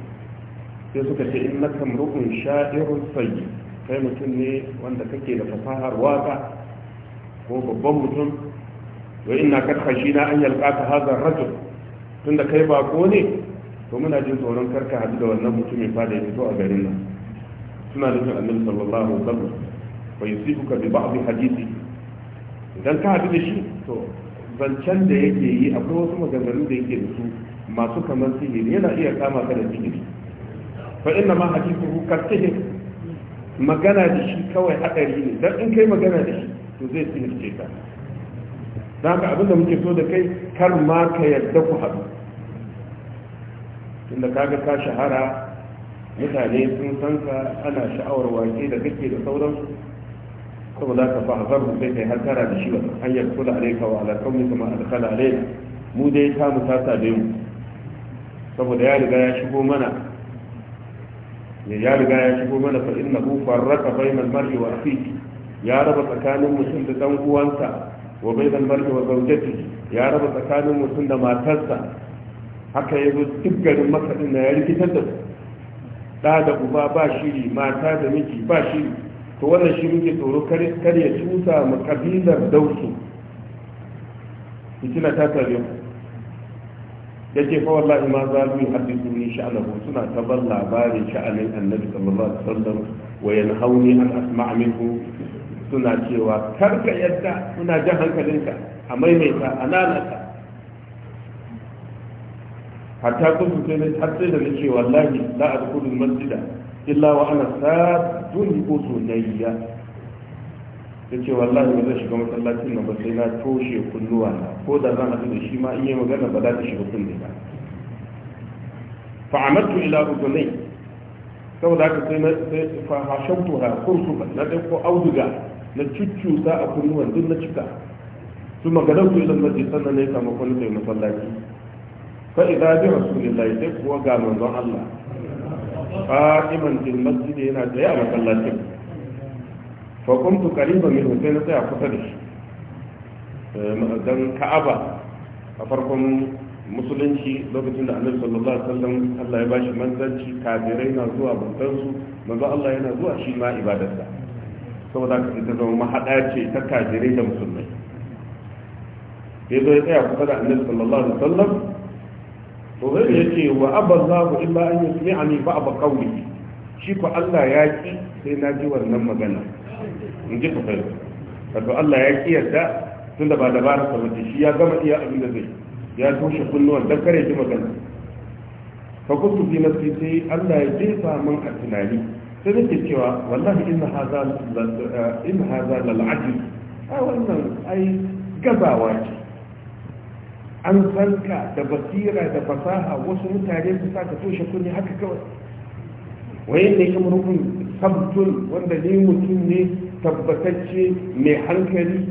sai suka ce in na kamrukun sha'irun sayi kai mutum ne wanda kake da fasahar waka ko babban mutum wai ina karkashi na an yalka ka hazar Tun da kai bako ne to muna jin tsoron karka hadu da wannan mutumin fada ya fito a garin nan suna nufin annabi sallallahu alaihi wasallam bai yusifu ka bi ba'd hadisi idan ka hadu da shi to zancen da yake yi akwai wasu maganganu da yake da su masu kamar sihiri yana iya kama ka da sihiri fa inna ma hadithu kartihi magana da shi kawai haɗari ne don in kai magana da shi to zai sihirce ka za ka abinda muke so da kai kar ma ka yadda ku haɗu tunda kaga ka shahara mutane sun san ka ana sha'awar wake da kake da sauransu kuma za ka fahimtar mu sai kai hankara da shi ba hanyar kula alaika wa alakan mu kuma alkhala alaina mu dai ta mu ta mu saboda ya riga ya shigo mana ne ya riga ya shigo mana fa inna hu farraka bainal mar'i wa akhihi ya raba tsakanin mutum da dan uwansa wa bainal mar'i wa zawjatihi ya raba tsakanin mutum da matarsa haka yazo duk garin maka din ya rikitar da da da uba ba shiri mata da miji ba shiri to wannan shi muke tsoro kar ya cuta mu kabilar dausu fitina ta tare ce fa wallahi ma za mu hadisu ni sha'anahu suna tabar labarin sha'anin annabi sallallahu alaihi wasallam wa yanhauni an asma' minhu suna cewa karka yadda suna jan hankalinka a maimaita a nanata hatta kun su sai har sai da nake wallahi la adkhulu masjida illa wa ana sadun nayya ya ce wallahi ba zai shiga masallacin nan ba sai na toshe kunnuwa na ko da zan haɗu da shi ma in magana ba za ta shiga kunne ba fa'amartu ila rukunai saboda haka sai na fahashantu ha ba na dai ko auduga na cuccusa a kunnuwan duk na cika su maganar su ilan mace sannan ne samu kwanu kai masallaci fa idan bi rasulillahi sai kuwa ga manzon Allah qa'iman masu masjid yana tsaye a masallacin fa kuntu qariban min sai na tsaya kusa da shi eh, dan ka'aba a farkon musulunci lokacin da annabi sallallahu alaihi wasallam Allah ya bashi manzanci kafirai na zuwa bantansu manzo Allah yana zuwa shi ma ibadarsa saboda haka ta zama mahada ce ta kafirai da musulmai ya zo ya tsaya kusa da annabi sallallahu alaihi wasallam to ya ce wa aballahu illa an yusmi'ani ba'da qawli shi ko Allah ya ki sai na ji wannan magana in ji tufai wato Allah ya kiyarta tun da ba da bara sa shi ya gama iya abin da zai ya toshe kunnuwan dan kare shi magana fa kuntu fi nafsi sai Allah ya jefa min a tunani sai nake cewa wallahi in hadha in hadha lal ajib a wannan ai gabawa ce an san ka da basira da fasaha wasu mutane su sa ka toshe kunni haka kawai wayan ne kamar rukun sabtun wanda ne mutum ne tabbatacce mai hankali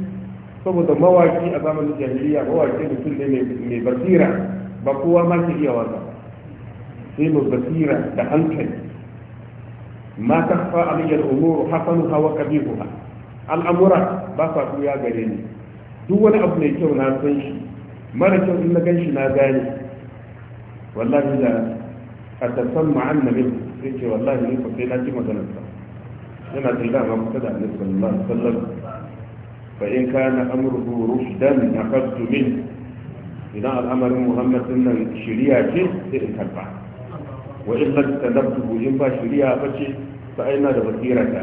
saboda mawaki a zamanin jahiliya mawaki mutum ne mai basira ba kowa ma ke iya wasa sai mai basira da hankali ma ta fa aliyar umuru hasanu hawa ha al'amura ba sa ya gare ni duk wani abu mai kyau na san shi mara kyau in na gan shi na gane wallahi da a tasamma annabi sai ce wallahi ne ko sai na ji maganarsa yana tilla ma kusa da annabi sallallahu alaihi wasallam fa in kana amruhu rushdan aqadtu min idan al'amarin muhammad din nan shari'a ce sai in karba wa in lam tadabbu in ba shari'a ba ce fa aina da basirata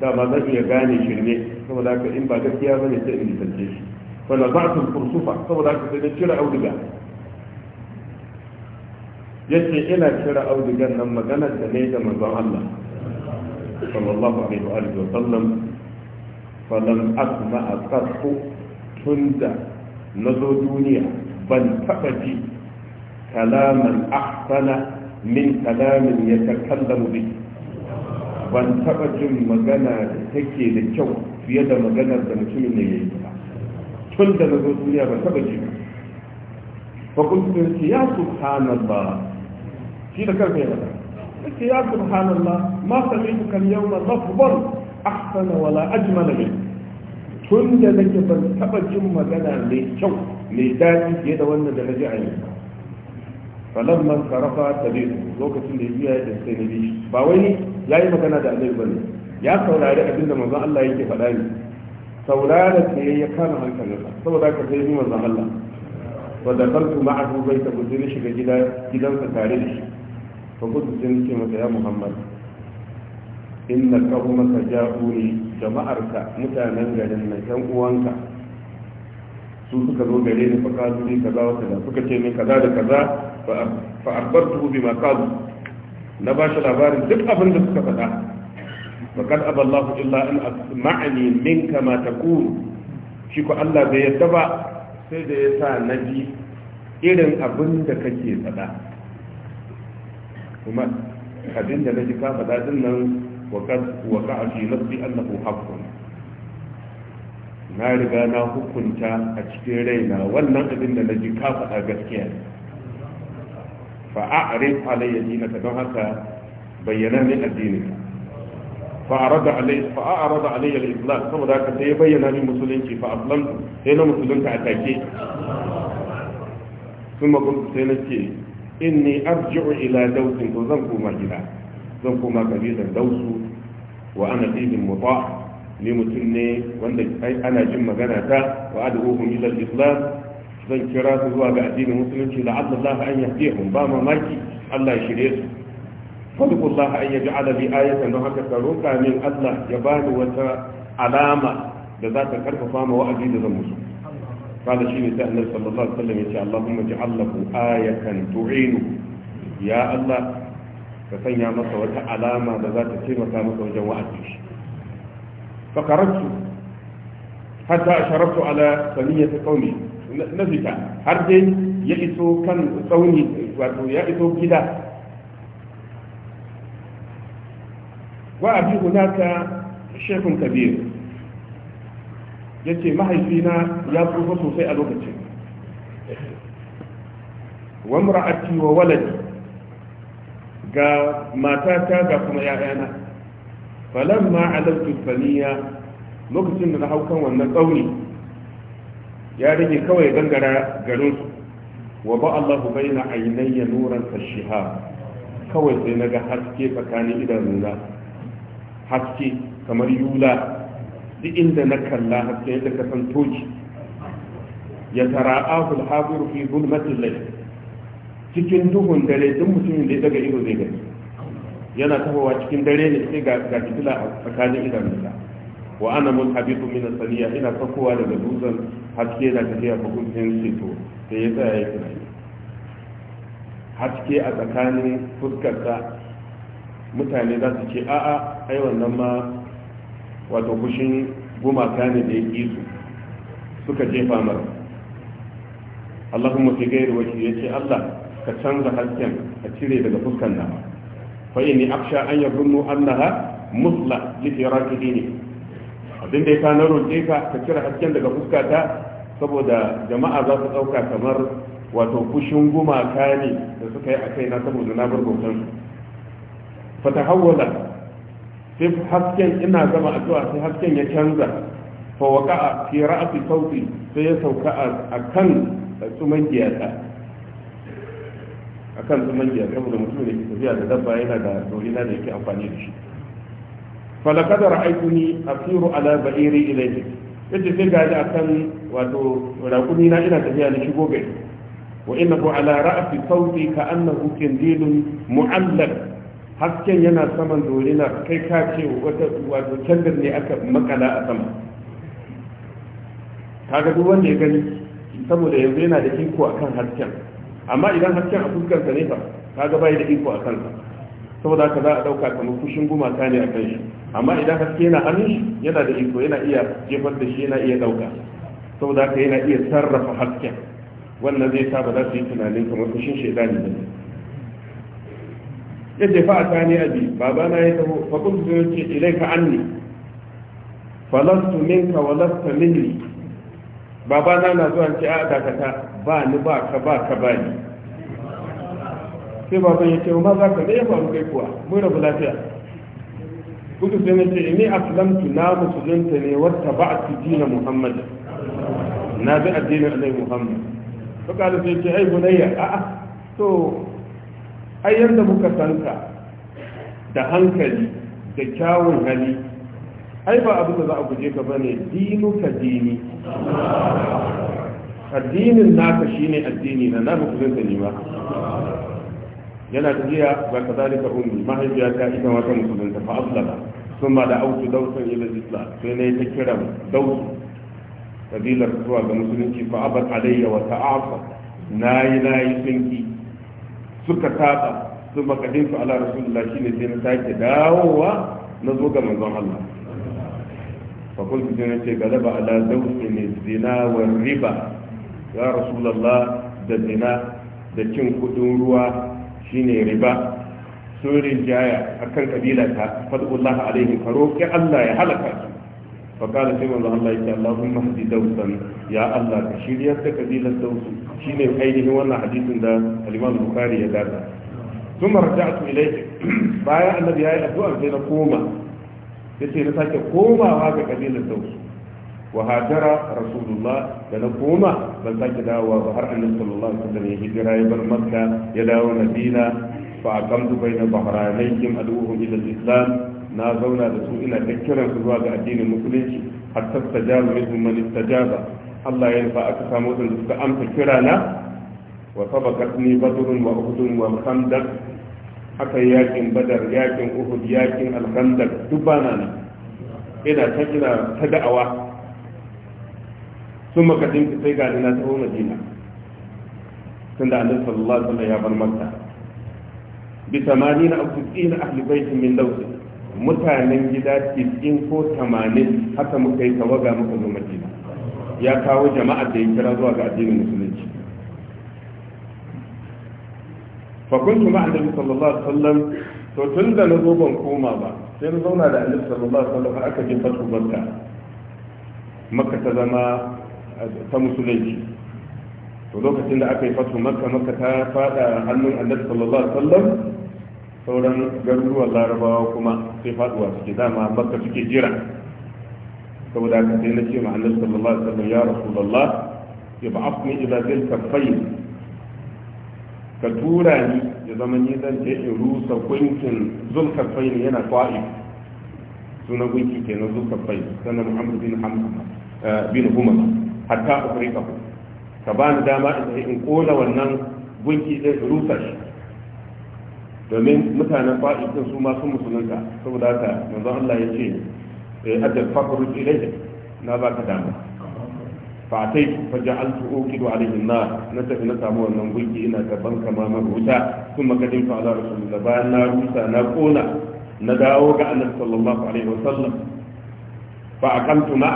da ba zan iya gane shirme saboda haka in ba gaskiya bane sai in tantance shi fa la ba'tu kursufa saboda haka sai na cire auduga yace ina cire audugan nan maganar da ne da manzon Allah صلى الله عليه وآله وسلم فلم أسمع قط تند نزو دنيا بل تفجي كلاما أحسن من كلام يتكلم به ban taɓa jin magana da take da kyau fiye da maganar da mutumin ne ya yi tun da na zo duniya ban taɓa ji ba kun ya subhanallah shi da kanka ya faɗa yake ya subhanallah ma sami'tu kal yawma lafzan ahsana wala ajmala tun da nake ban taba jin magana mai kyau mai daɗi fiye da wannan da na ji a yanzu falamman sarrafa tabiru lokacin da ya da sai na bishi ba wai ya yi magana da annabi bane ya saurari abin da manzon Allah yake faɗa ne saurara ce ya kama hankalinsa saboda ka sai bi manzon Allah wa da kaltu ma'ahu baita gudun shiga gidansa tare da shi fa gudu sai nake masa ya muhammad inna qaumaka ja'uni jama'arka mutanen garin na yan uwanka su suka zo gare ni fa kazu ni kaza wa da suka ce ni kaza da kaza fa akhbartuhu bima qalu na ba shi labarin duk abin da suka faɗa faqad aballahu illa in asma'ani minka ma taqulu shi ko Allah bai yadda ba sai da ya sa naji irin abin da kake faɗa kuma abin da na ka faɗa din nan wa ka a fi nafsi annahu haqqun na riga na hukunta a cikin raina wannan abin da ji ka a gaskiya fa a'rif alayya dinaka don haka bayyana ne addininka فأراد علي فأعرض علي الإسلام ثم ذاك sai na مسلمتي a take مسلمت أتاكي sai na سينتي inni arji'u ila dausin to zan koma gida zan koma kabilan dausu wa ana ibn muta ni mutum ne wanda ana jin magana ta wa ad'uhum ila islam zan kira su zuwa ga addinin musulunci la'alla Allah an yahdihum ba mamaki Allah ya shirye su Allah an yaj'ala bi ayatan don haka ka roka min Allah ya bani wata alama da za ta karfafa ma wa'azi da zan musu قال شيء سأل النبي صلى الله عليه وسلم يا اللهم اجعل له آية تعينه يا الله فسنيا مسا وتا علامة ذات تيمة مسا وجن وعدش فخرجت حتى أشرفت على ثنية قومي نزك هردي يئسوا كان قومي يئسوا كده وأبي هناك شيخ كبير ya ce mahaifina ya tsufa sosai a lokacin wa mura'ati wa waladi ga matata ga kuma ‘ya'yana falon ma a faniya lokacin da na hau wannan tsauni ya rage kawai gangara garinsu wa ba Allahu baina na ainihin nuran shiha kawai sai na ga haske tsakanin nuna haske kamar yula duk inda na kalla haske yadda ka san toji ya tara'ahu al-hadir fi zulmatil layl cikin duhun dare duk mutumin da ya daga ido zai gani yana tahowa cikin dare ne sai ga fitila a tsakanin idanunsa wa ana mun habitu min saniya ina sakowa daga dutsen haske na tafiya fa kuncin to sai ya tsaya ya tunani haske a tsakanin fuskarsa mutane za su ce a'a ai wannan ma wato kushin gumaka ne da ya ƙi su suka jefa mara. Allahumma fi gairi wace ya ce Allah ka canza hasken ka cire daga fuskan na fa inni aksha an yadhunnu annaha musla li raki dini abin da ya na roƙe ka ka cire hasken daga fuskata saboda jama'a za su ɗauka kamar wato kushin gumaka ne da suka yi a kaina saboda na bar bautansu fatahawwala sai hasken ina zama a zuwa sai hasken ya canza fa waqa'a fi ra'si sauti sai ya sauka a kan tsuman giyata akan tsuman giyata saboda mutum da ke tafiya da dabba yana da dorina da yake amfani da shi falakad ra'aytuni asiru ala ba'iri ilayhi yace sai ga ni akan wato rakuni na ina tafiya na shigo gari wa innahu ala ra'si sauti ka annahu kindilun mu'allaq hasken yana saman dorina kai ka ce wata wato candar ne aka makala a sama ta duk wanda ya gani saboda yanzu yana da iko akan hasken amma idan hasken a fuskarsa ne ba ta ga bai da iko a kansa saboda haka za a ɗauka kamar fushin gumaka ne a kan shi amma idan haske yana hannun shi yana da iko yana iya jefar da shi yana iya ɗauka saboda haka yana iya sarrafa hasken wannan zai sa ba za su yi tunanin kamar fushin shaidani ne yadda fa a tsani abi babana ya taho fa kun zo yace ilaika anni falastu minka wa lasta minni babana na zuwa ce a dakata ba ni ba ka ba ka ba ni sai baban ya ce ma za ka ne ya faru kai kuwa mun rabu lafiya Kudu sai na ce ni aslamtu na musulunta ne wata ba a dina muhammad na bi addinin alai muhammad to kada sai ce ai bunayya a'a to ai yadda muka san ka da hankali da kyawun hali ai ba abin da za a guje ka bane dinu ka dini addinin naka shine addini na na ku zanta ne ba yana tafiya ba ka zalika ummi mahaifiya ta ita wata musulunta fa aslama sun ba da autu dausan ila islam sai yi ta kiran dausu kabilar zuwa ga musulunci fa abat alayya wa ta'afa nayi nayi sunki suka saba su makadin su ala rasulullah shine sai na sake dawowa na zo ga manzon Allah fa kullu ce galaba ala dawsin zina wa riba ya rasulullah da zina da cin kudin ruwa shine riba sun rinjaya akan kabila ta fadullah alaihim fa Allah ya halaka su فقال سيما الله يكي اللهم اهدي دوسا يا الله كشيريا تكبيل الدوس شيني أينه وانا حديث دا الإمام البخاري يدادا ثم رجعت إليه بايا النبي هاي أدوء بين قومة يسي نساك قومة هذا كبيل الدوس وهاجر رسول الله لنا قومة بل ساك داوى ظهر أن صلى الله عليه وسلم يهجر يبر مكة يداوى مدينة فأقمت بين ظهرانيهم أدوهم إلى الإسلام na zauna da su ina ta kiran su zuwa ga addinin musulunci har ta tajabu minhum man istajaba Allah ya nufa aka samu wadanda suka amsa kira na wa sabaqatni badrun wa uhudun wa khandaq aka yi yakin badar yakin uhud yakin al-khandaq duk bana nan ina ta ina ta da'awa sun maka makadin sai ga na taho madina tunda annabi sallallahu alaihi wasallam ya bar makka bi 80 aw 90 ahli bait min dawsi mutanen gida tisin ko tamanin haka muka yi tawaga muka zo madina ya kawo jama'ar da ya kira zuwa ga addinin musulunci fakuntu ma annabi sallallahu alaihi wasallam to tun da na zo ban koma ba sai na zauna da annabi sallallahu alaihi wasallam aka je fatu barka makka ta zama eh, ta musulunci to lokacin da aka yi fatu makka makka ta fada hannun annabi sallallahu alaihi wasallam sauran garuruwan larabawa kuma sai faduwa suke dama makka suke jira saboda haka sai na ce ma annabi sallallahu alaihi wasallam ya rasulullah ya ba'afni ila zil kaffayn ka tura ni ya zama ni zan je in rusa gunkin zul kaffayn yana fa'i sunan gunki kenan zul kaffayn sannan muhammad bin Hamdan, eh, bin humama hatta afrika ka ba ni dama in kola wannan gunki zai rusa shi domin mutanen fa'isin su masu musulunta saboda haka manzo Allah ya ce eh, ajal fakru ilayka na baka dama fa tai fa ja'altu uqidu alayhi nar na tafi na samu wannan gunki ina gaban kama man wuta kuma kadin fa ala rasulullah bayan na rusa na kona na dawo ga annabi sallallahu alaihi wasallam fa akamtu ma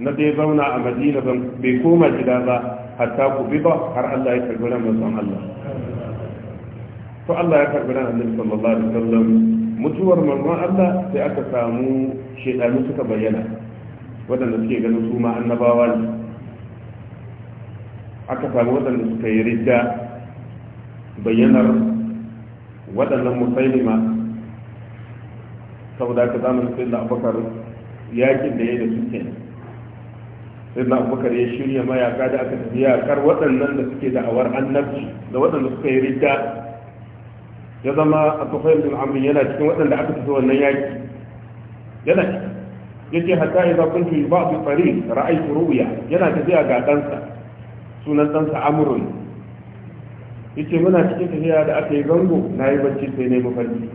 na dai zauna a madina ban bai koma gida ba hatta ku bi ba har Allah ya karbi ran manzon Allah to Allah ya karbi ran annabi sallallahu alaihi wasallam mutuwar manzon Allah sai aka samu shedanu suka bayyana waɗanda suke ganin su ma annabawa ne aka samu waɗanda suka yi ridda bayyanar waɗannan musailima saboda ka zamanin sai da abubakar yakin da ya da suke sai da abubakar ya shirya mayaka da aka tafi yakar waɗannan da suke da'awar annabci da waɗanda suka yi ridda ya zama a tufayar bin amri yana cikin waɗanda aka fito wannan yaki yana ya ce hatta ya za kuntu ba su tsari ra'ayi ruwiya yana tafiya ga ɗansa sunan ɗansa Amurin. ya ce muna cikin tafiya da aka yi zango na yi bacci sai na yi mafarki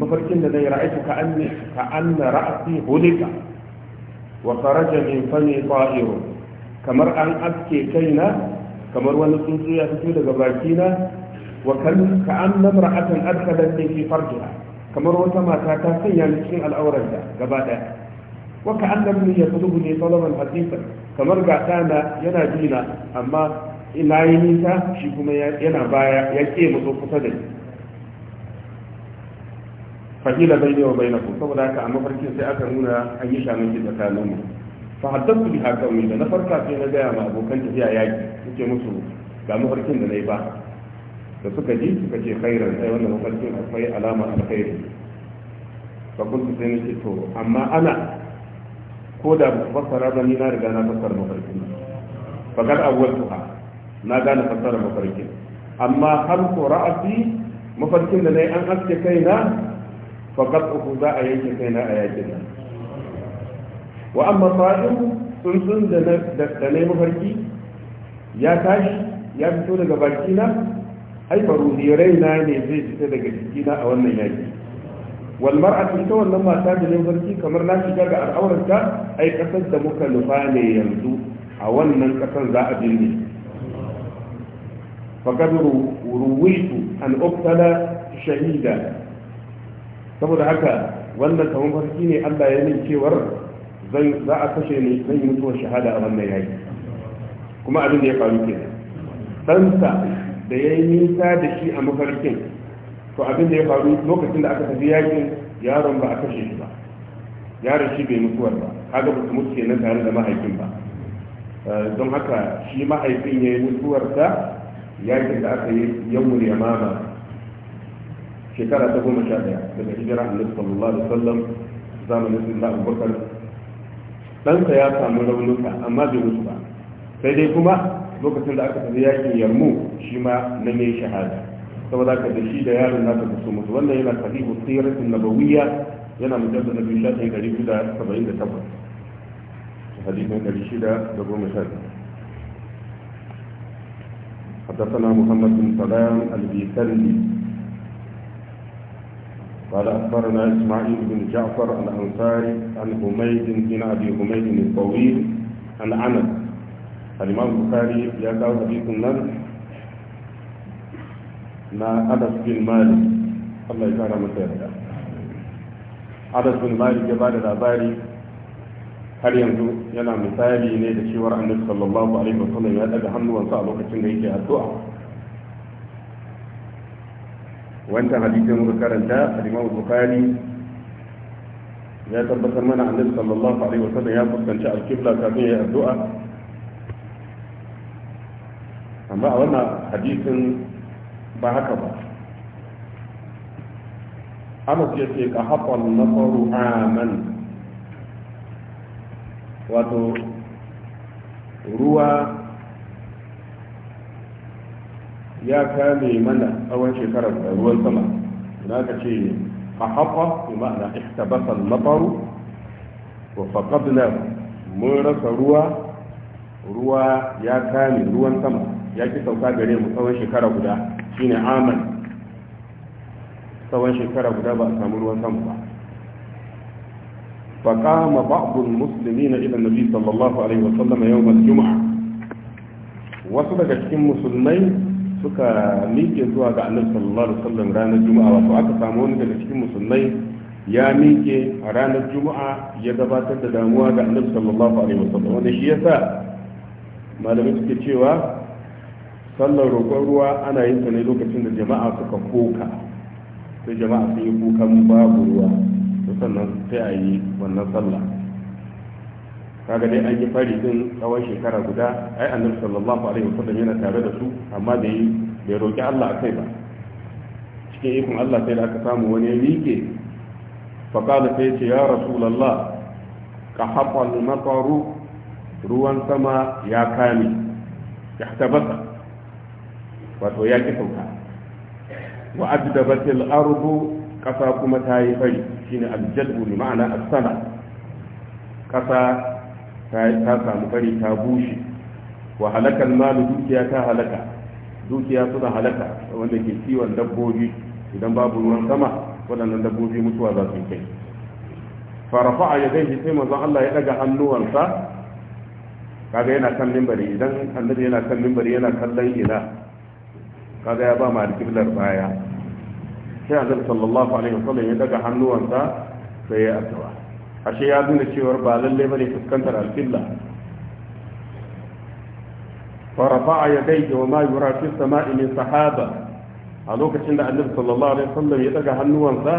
mafarkin da na yi ra'ayi ka an na ra'asi hulika wa faraja min fani ƙwa'irun kamar an aske kaina kamar wani tsuntsu ya fito daga bakina wa kan ka'anna mar'atan adkhalat fi farjiha kamar wata mata ta sanya ni cikin al'auran da gaba daya wa ka'anna ibn yatlubu ni talaban hasisan kamar ga tana yana jina amma ina yi nisa shi kuma yana baya ya ke mu kusa da ni fahila bai wa bai naku saboda haka a mafarkin sai aka nuna an yi shamin ki tsakanin mu fa haddathu bi haka da na farka sai na gaya ma abokan tafiya yaki nake musu ga mafarkin da nayi ba da suka ji suka ce khairan sai wannan mafarkin akwai alama alkhairi ba kun sai nake to amma ana ko da ba fassara ba ni na riga na fassara mafarkin fakar awwal tuha na gane fassara mafarkin amma har ko ra'asi mafarkin da nayi an aske kaina fakat uku za a yanke kaina a yakin nan wa amma sa'in tsuntsun da na mafarki ya tashi ya fito daga bakina ai maruni raina ne zai fita daga jikina a wannan yaki wal mar'atu ita wannan mata da nan barki kamar na shiga ga al'auranta ai kasar da muka nufa ne yanzu a wannan kasar za a binne faqad ruwitu an uqtala shahida saboda haka wannan kamar farki ne Allah ya nin cewar zan za a kashe ne zan yi mutuwar shahada a wannan yaki kuma abin da ya faru kenan sansa. da ya yi nisa da shi a mafarkin to abin da ya faru lokacin da aka tafi yakin yaron ba a kashe shi ba yaron shi bai mutuwar ba kaga ba su mutu kenan tare da mahaifin ba eh, don haka shi mahaifin ya yi mutuwarsa yakin da aka yi da yamama shekara ta goma sha daya daga hijira annabi sallallahu alaihi wasallam zamanin da abubakar ɗansa ya samu raunuka amma bai mutu ba sai dai kuma lokacin da aka tafi yakin yammu shi ma na mai shahada saboda ka da shi da yaron nasa da su mutu wannan yana sahihu siratul nabawiyya yana mujallad na biyu shafin ɗari biyu da saba'in da takwas hadisin ɗari shida da goma sha biyu حدثنا محمد بن سلام البيسلي قال اخبرنا اسماعيل بن جعفر الانصاري عن حميد بن ابي حميد الطويل عن انس al-imam ya kawo hadisin nan na anas bin malik Allah ya kara masa yarda anas bin malik ya bada labari har yanzu yana misali ne da cewar annabi sallallahu alaihi wasallam ya daga hannuwansa a lokacin da yake addu'a wanda hadisin muka karanta al-imam ya tabbatar mana annabi sallallahu alaihi ya fuskanci al kafin ya addu'a amma a wannan hadisin ba haka ba amma ya ce ka haɓar nasaru aman wato ruwa ya kame mana tsawon shekarar da ruwan sama na ka ce a haɓa su ma'ana ikhtabasar mafaru wa faƙabna mun rasa ruwa ruwa ya kame ruwan sama ya ki sauka gare mu tsawon shekara guda shine aman tsawon shekara guda ba a samu ruwan sama ba فقام musulmi na إلى النبي صلى الله عليه وسلم يوم الجمعة wasu daga cikin musulmai suka miƙe zuwa ga annabi sallallahu alaihi wasallam ranar juma'a wato aka samu wani daga cikin musulmai ya miƙe a ranar juma'a ya gabatar da damuwa ga annabi sallallahu alaihi wasallam wanda shi yasa malamai suke cewa sallar roƙon ruwa ana yin ta ne lokacin da jama'a suka koka sai jama'a sun yi kukan babu ruwa sannan sai a yi wannan sallah kaga dai an yi fari din tsawon shekara guda ai annabi sallallahu alaihi wasallam yana tare da su amma da yi bai roƙi Allah akai ba cikin ikon Allah sai da aka samu wani ya miƙe fa sai ce ya rasulullah ka haqa al ruwan sama ya kame ya tabata wato ya ki sauka wa batil ardu kasa kuma ta yi fari shine aljadu bi ma'ana as-sana kasa ta samu fari ta bushe wa halakal malu dukiya ta halaka dukiya suna halaka wanda ke kiwon dabbobi idan babu ruwan sama waɗannan dabbobi mutuwa za su kai farafa a yadai sai manzon Allah ya daga hannuwansa kaga yana kan mimbari idan annabi yana kan mimbari yana kallon ila kaga ya ba ma alƙiblar baya sai azal sallallahu alaihi wasallam ya daga hannuwansa sai ya addu'a ashe ya nuna cewar ba lalle bane fuskantar alƙibla fa rafa'a yadayhi wa ma yura fi samai min sahaba a lokacin da annabi sallallahu alaihi wasallam ya daga hannuwansa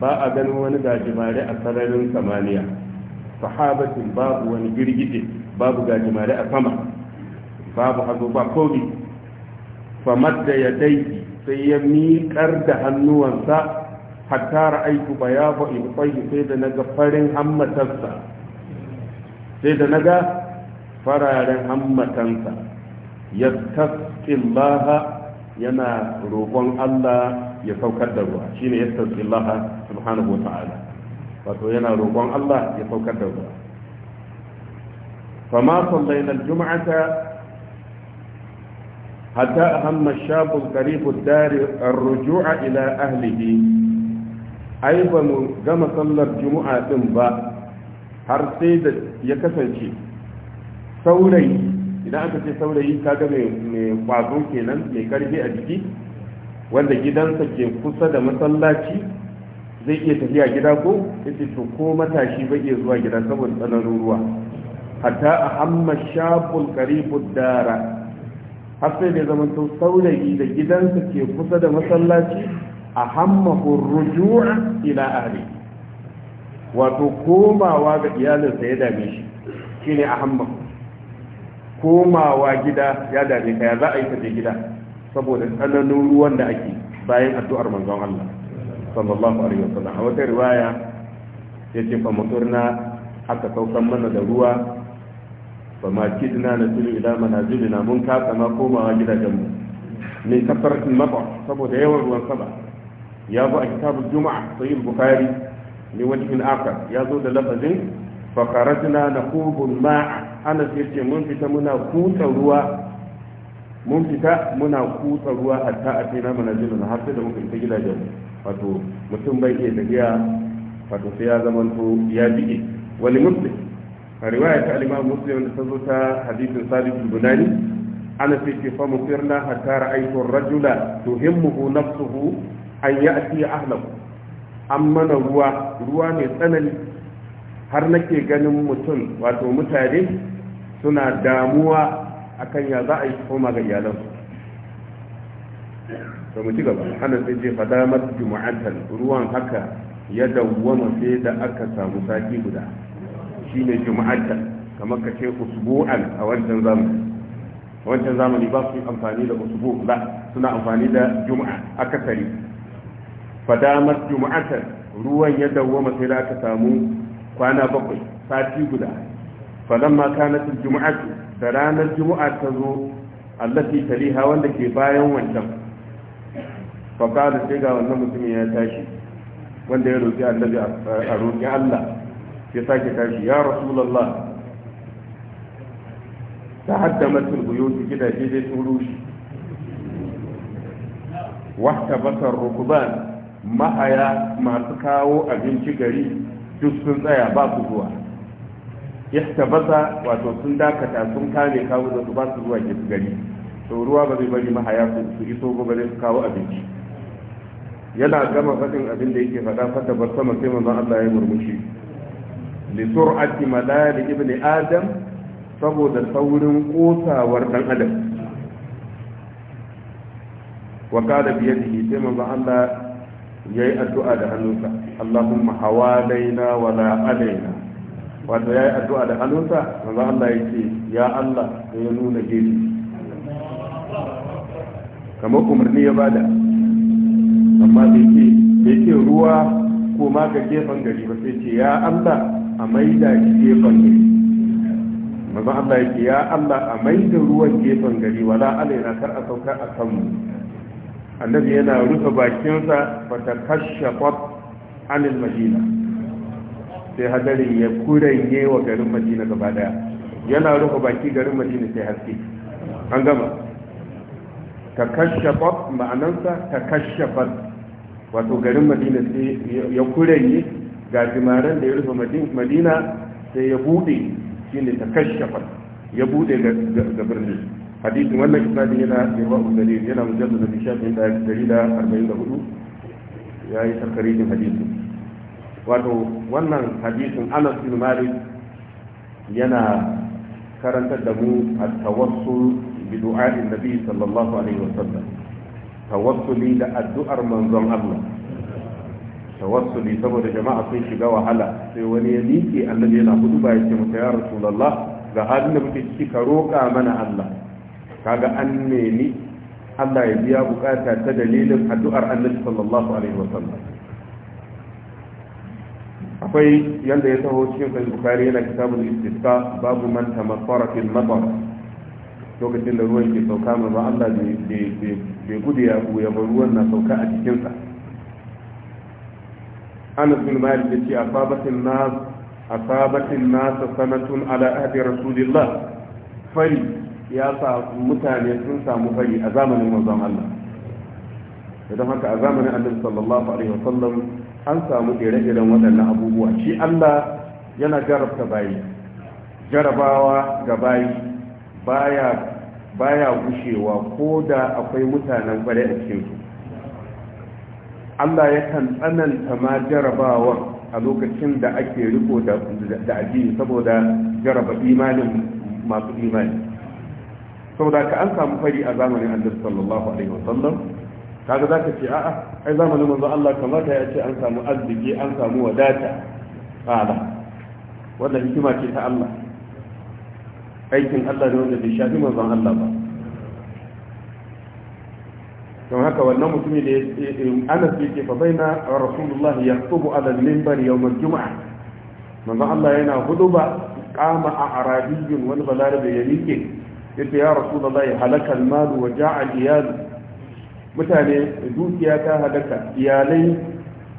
ba a ganin wani gajimare a sararin samaniya sahabatin babu wani girgije babu gajimare a sama babu hazo ba kobi famadda ya daiki sai ya miƙar da hannuwansa hatta ra'aitu bayaba ilfaihi sai da naga farin hammatansa sai da naga fararen hammatansa ya tasqillaha yana roƙon Allah ya saukar da ruwa shine ya tasqillaha subhanahu wata'ala wato yana roƙon Allah ya saukar da ruwa fama sallaina al-jum'ata حتى أهم الشاب قريب الدار الرجوع إلى أهله أيضا كما صلى الجمعة تنبا har sai da ya kasance saurayi idan aka ce saurayi kaga mai kwazo kenan mai karfi a jiki wanda gidansa ke kusa da masallaci zai iya tafiya gida ko yace to ko matashi bai iya zuwa gida saboda tsananin ruwa hatta a hamma shafin qaribud dara har sai da zaman to saurayi da gidansa ke kusa da masallaci a hammahu rujua ila ahli wato komawa ga iyalinsa ya dame shi shine a hammahu komawa gida ya dame ka ya za a yi ka gida saboda tsananin ruwan da ake bayan addu'ar manzon Allah sallallahu alaihi wasallam a wata riwaya yace fa muturna aka saukan mana da ruwa ba ma kidna na tilu ila manazilina mun kasa ma komawa gidajen mu min kasaratin mata saboda yawan ruwan sama ya zo a kitabul juma'a sahih bukhari min wajhin ya zo da lafazin fa kharajna naqubul ma'a ana yace mun fita muna kuta ruwa mun fita muna kuta ruwa hatta a tsina manazilina har sai da muka fita gidajen mu wato mutum bai iya tafiya wato sai ya zamanto ya bige wani mutum a riwaya ta alima muslim da ta zo ta hadisin salih bunani ana fi ke fa musirna hatta ra'aytu rajula tuhimmuhu nafsuhu an ya'ti ahlahu an na ruwa ruwa mai tsanani har nake ganin mutum wato mutane suna damuwa akan ya za a yi koma ga iyalansu to mu ci gaba ana sai ce fadamar jumu'atan ruwan haka ya dawwama sai da aka samu sati guda shine juma'ata kamar ka ce usbu'an a wancan zamani A wancan zamani ba su amfani da usbu ba suna amfani da juma'a akasari fadamar juma'atar ruwan ya dawwama sai da aka samu kwana bakwai sati guda fadan ma kanatin juma'atu da ranar juma'a ta zo allafi taliha wanda ke bayan wancan fakada sai ga wannan mutumin ya tashi wanda ya roƙi annabi a roƙi allah ya sake tashi ya rasulallah ta haddamatul buyuti gidaje zai sun rushe wata basar rukuban mahaya masu kawo abinci gari duk sun tsaya ba su zuwa basa wato sun dakata sun kame kawo da su ba su zuwa gidan gari to ruwa ba zai bari mahaya su iso ba zai su kawo abinci yana gama faɗin abin da yake faɗa fata bar sama sai manzon Allah ya murmushi li sur'ati malali ibn adam saboda saurin kosawar dan adam wa kada bi yadihi sai manzo Allah yayi addu'a da hannunsa Allahumma hawalaina wa la alaina wato yayi addu'a da hannunsa manzo Allah yake ya Allah ya nuna gefe kamar umarni ya bada amma bai ce ruwa ko ma ga gefen gari ba sai ce ya Allah a mai da gefen gari maza Allah ya ya Allah a da ruwan gefen gari wala alaina kar a sauka a kanmu annabi yana rufe bakinsa ba ta kashe kashafat anil madina sai hadarin ya kuranye wa garin madina gaba daya yana rufe baki garin madina sai haske an gama ta kashe kashafat ma'anansa ta kashe kashafat wato garin madina sai ya kuranye ga jimaren da ya rufe madina sai ya bude shi ne ta kashafa ya bude ga birni hadisin wannan isnadin yana irwa uzari yana mujallar da bishafin da dari da arba'in da hudu ya yi takarijin hadisin wato wannan hadisin anas bin malik yana karantar da mu a tawassul bi du'a'in nabi sallallahu alaihi wasallam tawassuli da addu'ar manzon Allah tawassuli saboda jama'a sun shiga wahala sai wani ya miƙe annabi yana hudu ba yake mata ya rasulullah ga halin da muke ciki ka roƙa mana Allah kaga an nemi Allah ya biya bukata ta dalilin addu'ar annabi sallallahu alaihi sallam. akwai yanda ya taho cikin sahih bukhari yana kitabul istisqa babu man tamassara fil matar lokacin da ruwan ke sauka ma Allah bai gudu ya buya ba ruwan na sauka a cikinsa anas bin malik yace asabatin nas asabatin nas sanatun ala ahdi rasulillah fari ya sa mutane sun samu fari a zamanin manzon Allah idan haka a zamanin annabi sallallahu alaihi wasallam an samu ire-iren waɗannan abubuwa shi Allah yana jarabta bayi jarabawa ga bayi baya baya gushewa ko da akwai mutanen kware a cikinsu Allah yakan tsananta ma jarabawa a lokacin da ake riko da addini saboda jaraba imanin masu imani saboda ka an samu fari a zamanin annabi sallallahu alaihi wasallam kaga zaka ce a'a ai zamanin manzo Allah kamata ya ce an samu arziki an samu wadata ala wannan hikima ce ta Allah aikin Allah ne wanda bai shafi manzon Allah ba don haka wannan mutumi da anas yake fa baina rasulullah yaktubu ala al-minbar yawm al juma'a. manzo Allah yana huduba a a'rabiyyun wani da ya rike yace ya rasulullah halaka al-mal wa ja'a al mutane dukiya ta halaka iyalai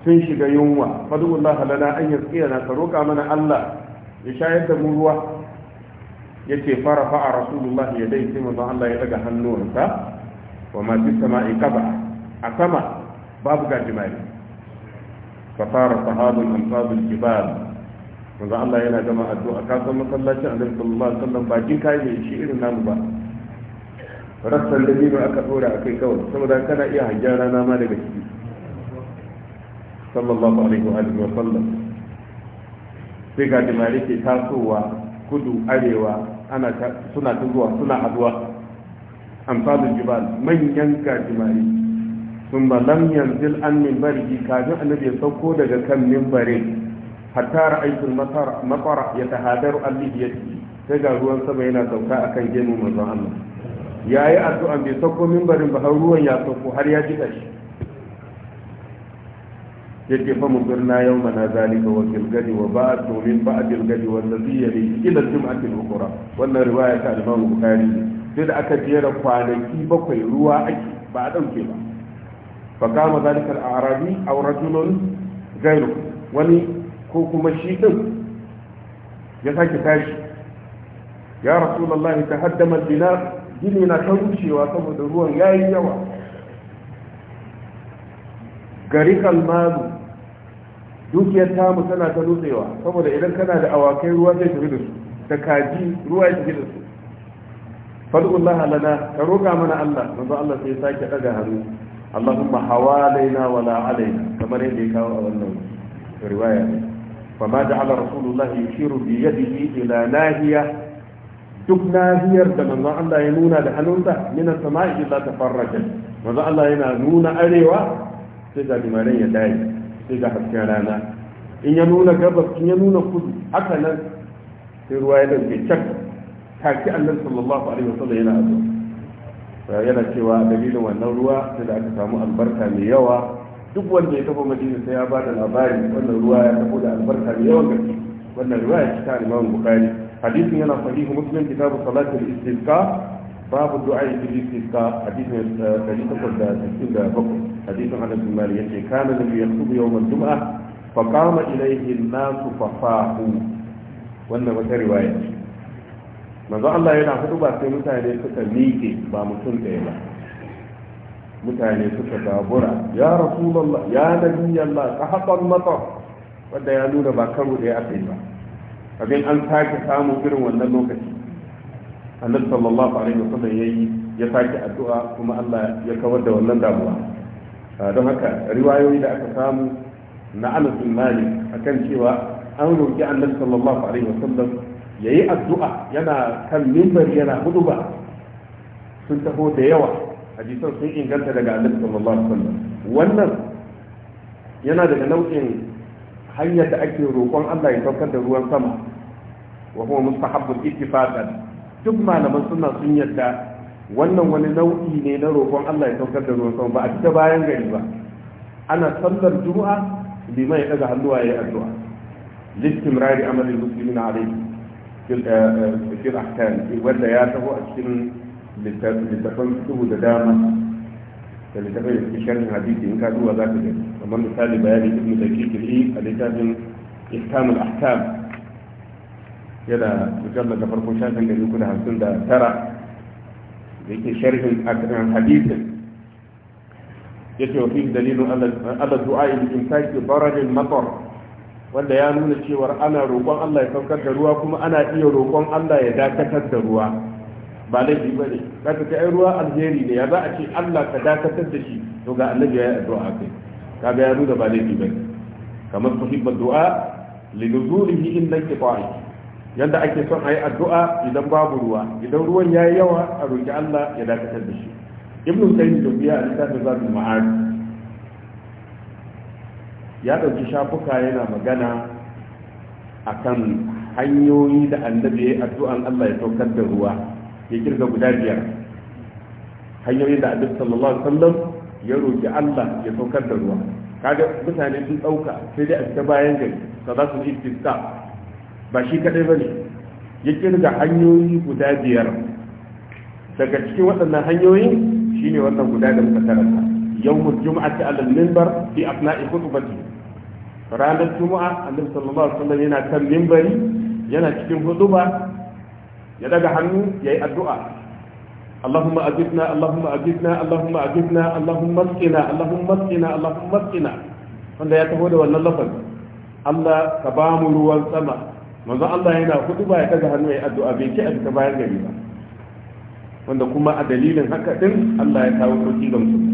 sun shiga yunwa fadullah lana an na ka roƙa mana Allah ya shayar da mu ruwa yace farafa rasulullah sai manzo Allah ya daga hannuwansa wa ma fi sama'i kaba a sama babu gajimare fa fara sahabul amsadul jibal manzo Allah yana gama addu'a ka san masallacin Annabi sallallahu alaihi wasallam bakin kai ne shi irin namu ba rassan da ba aka dora akai kawai saboda kana iya hajjar rana ma daga ciki sallallahu alaihi wa alihi wa sallam sai ga dimari ke tasowa kudu arewa ana suna ta zuwa suna haduwa أنفاد الجبال من ينكا جمالي ثم لم ينزل أن من بره كاجع النبي سوكو دقا من بره حتى رأيت المطر مطر يتهادر أليه يتي تجا هو سبع إلى سوكا أكن جنو مزعم يا أي أرض أن بسوكو من بره بهروا يا سوكو هل يجدش يجي فمبرنا يومنا ذلك وكل قد وبعد من بعد القد والذي يلي إلى الجمعة الأخرى وأن رواية الإمام البخاري duk da aka jera kwanaki bakwai ruwa ake ba a ɗauke ba fakama zalikar arabi a rajulun gairu wani ko kuma shi ɗin ya sake tashi ya rasulallah ta haddama dinar gini na ta wucewa saboda ruwan ya yi yawa gari kalmalu dukiyar tamu tana ta nutsewa saboda idan kana da awakai ruwa zai tafi da su da kaji ruwa ya tafi da su fad'ullah lana ka roƙa mana Allah manzo Allah sai sake daga hannu Allahumma hawalaina wala alaina kamar yadda ya kawo a wannan riwaya ne fa ma ja'ala rasulullah yushiru bi yadihi ila nahiya duk nahiyar da manzo Allah ya nuna da hannunsa min as-sama'i illa tafarrajat manzo Allah yana nuna arewa sai ga limaran ya dai sai ga hasken rana in ya nuna gabas in ya nuna kudu haka nan sai ruwa ya dauke cak take annabi sallallahu alaihi wasallam yana addu'a yana cewa dalilin wannan ruwa sai da aka samu albarka mai yawa duk wanda ya tafi madina sai ya ba da labari wannan ruwa ya tafi da albarka mai yawa gaske wannan ruwa ya cika imam bukari. hadisin yana sahihu muslim kitabu salatul istisqa babu du'a fil istisqa hadisin dari takwas da sittin da bakwai hadisin anas bin malik yace kana nabi yaktubu yawmal jum'a fa qama ilayhi an-nasu fa fahu wannan wata riwaya ce manzo Allah yana hudu ba sai mutane suka miƙe ba mutum ɗaya ba mutane suka dabura ya rasulullah ya nabi Allah ka haɓar mata wadda ya nuna ba karu ɗaya aka yi ba abin an sake samun irin wannan lokaci annabi sallallahu alaihi wasallam yayi ya sake addu'a kuma Allah ya kawar da wannan damuwa ah, don haka riwayoyi da aka samu na Anas bin Malik akan cewa an roki annabi sallallahu alaihi wa sallam. ya yi addu'a yana kan mimbar yana hudu ba sun taho da yawa hadisan sun inganta daga annabi sallallahu alaihi wasallam wannan yana daga nau'in hanyar da ake roƙon Allah ya saukar da ruwan sama wa kuma mustahabbul ittifaqan duk malaman suna sun yadda wannan wani nau'i ne na roƙon Allah ya saukar da ruwan sama ba a fita bayan gari ba ana sallar juma'a liman ya daga hannuwa ya yi addu'a listimrari amalin muslimin alaihi آه، آه، كثير احكام ولا ياته اشكال لتفهم سوء دامه لتفهم اشكال حديثي ان كان هو ذاك اما مثال لبيان ابن دقيق لي الاتاب احكام الاحكام يلا مجلد تفرق شاشا كان يقول لها سند ترى لكي شرح حديث يتي وفيه دليل على الدعاء لإمساك برد المطر wanda ya nuna cewar ana roƙon Allah ya saukar da ruwa kuma ana iya roƙon Allah ya dakatar da ruwa ba laifi ba ne za ka ai ruwa alheri ne ya za a ce Allah ka dakatar da shi to ga annabi ya yi addu'a kai kaga ya nuna ba laifi ba ne kamar hibba du'a nan inda qita'i yadda ake son ayi addu'a idan babu ruwa idan ruwan yayi yawa a roƙi Allah ya dakatar da shi ibnu sayyid dubiya a littafin zabi ma'ad ya ɗauki shafuka yana magana a kan hanyoyi da annabi addu'an Allah ya saukar da ruwa ya kirga guda biyar hanyoyin da annabi sallallahu alaihi wasallam ya roƙi Allah ya saukar da ruwa kaga mutane sun ɗauka sai dai a cikin bayan gari ka za su istisqa ba shi kadai ne. ya kirga hanyoyi guda biyar daga cikin waɗannan hanyoyin shine wannan guda da muka karanta yawmul jum'ati ala minbar fi asna'i khutbati ranar juma'a annabi sallallahu alaihi wasallam yana kan minbari yana cikin hutuba ya daga hannu yayi addu'a اللهم أجبنا اللهم أجبنا اللهم أجبنا اللهم اسقنا اللهم اسقنا اللهم اسقنا wanda ya taho da wannan lafaz Allah ka ba mu ruwan sama manzo Allah yana hudu ba ya daga hannu ya addu'a bai ce a bayan gari ba wanda kuma a dalilin haka din Allah ya kawo sauki ga mutum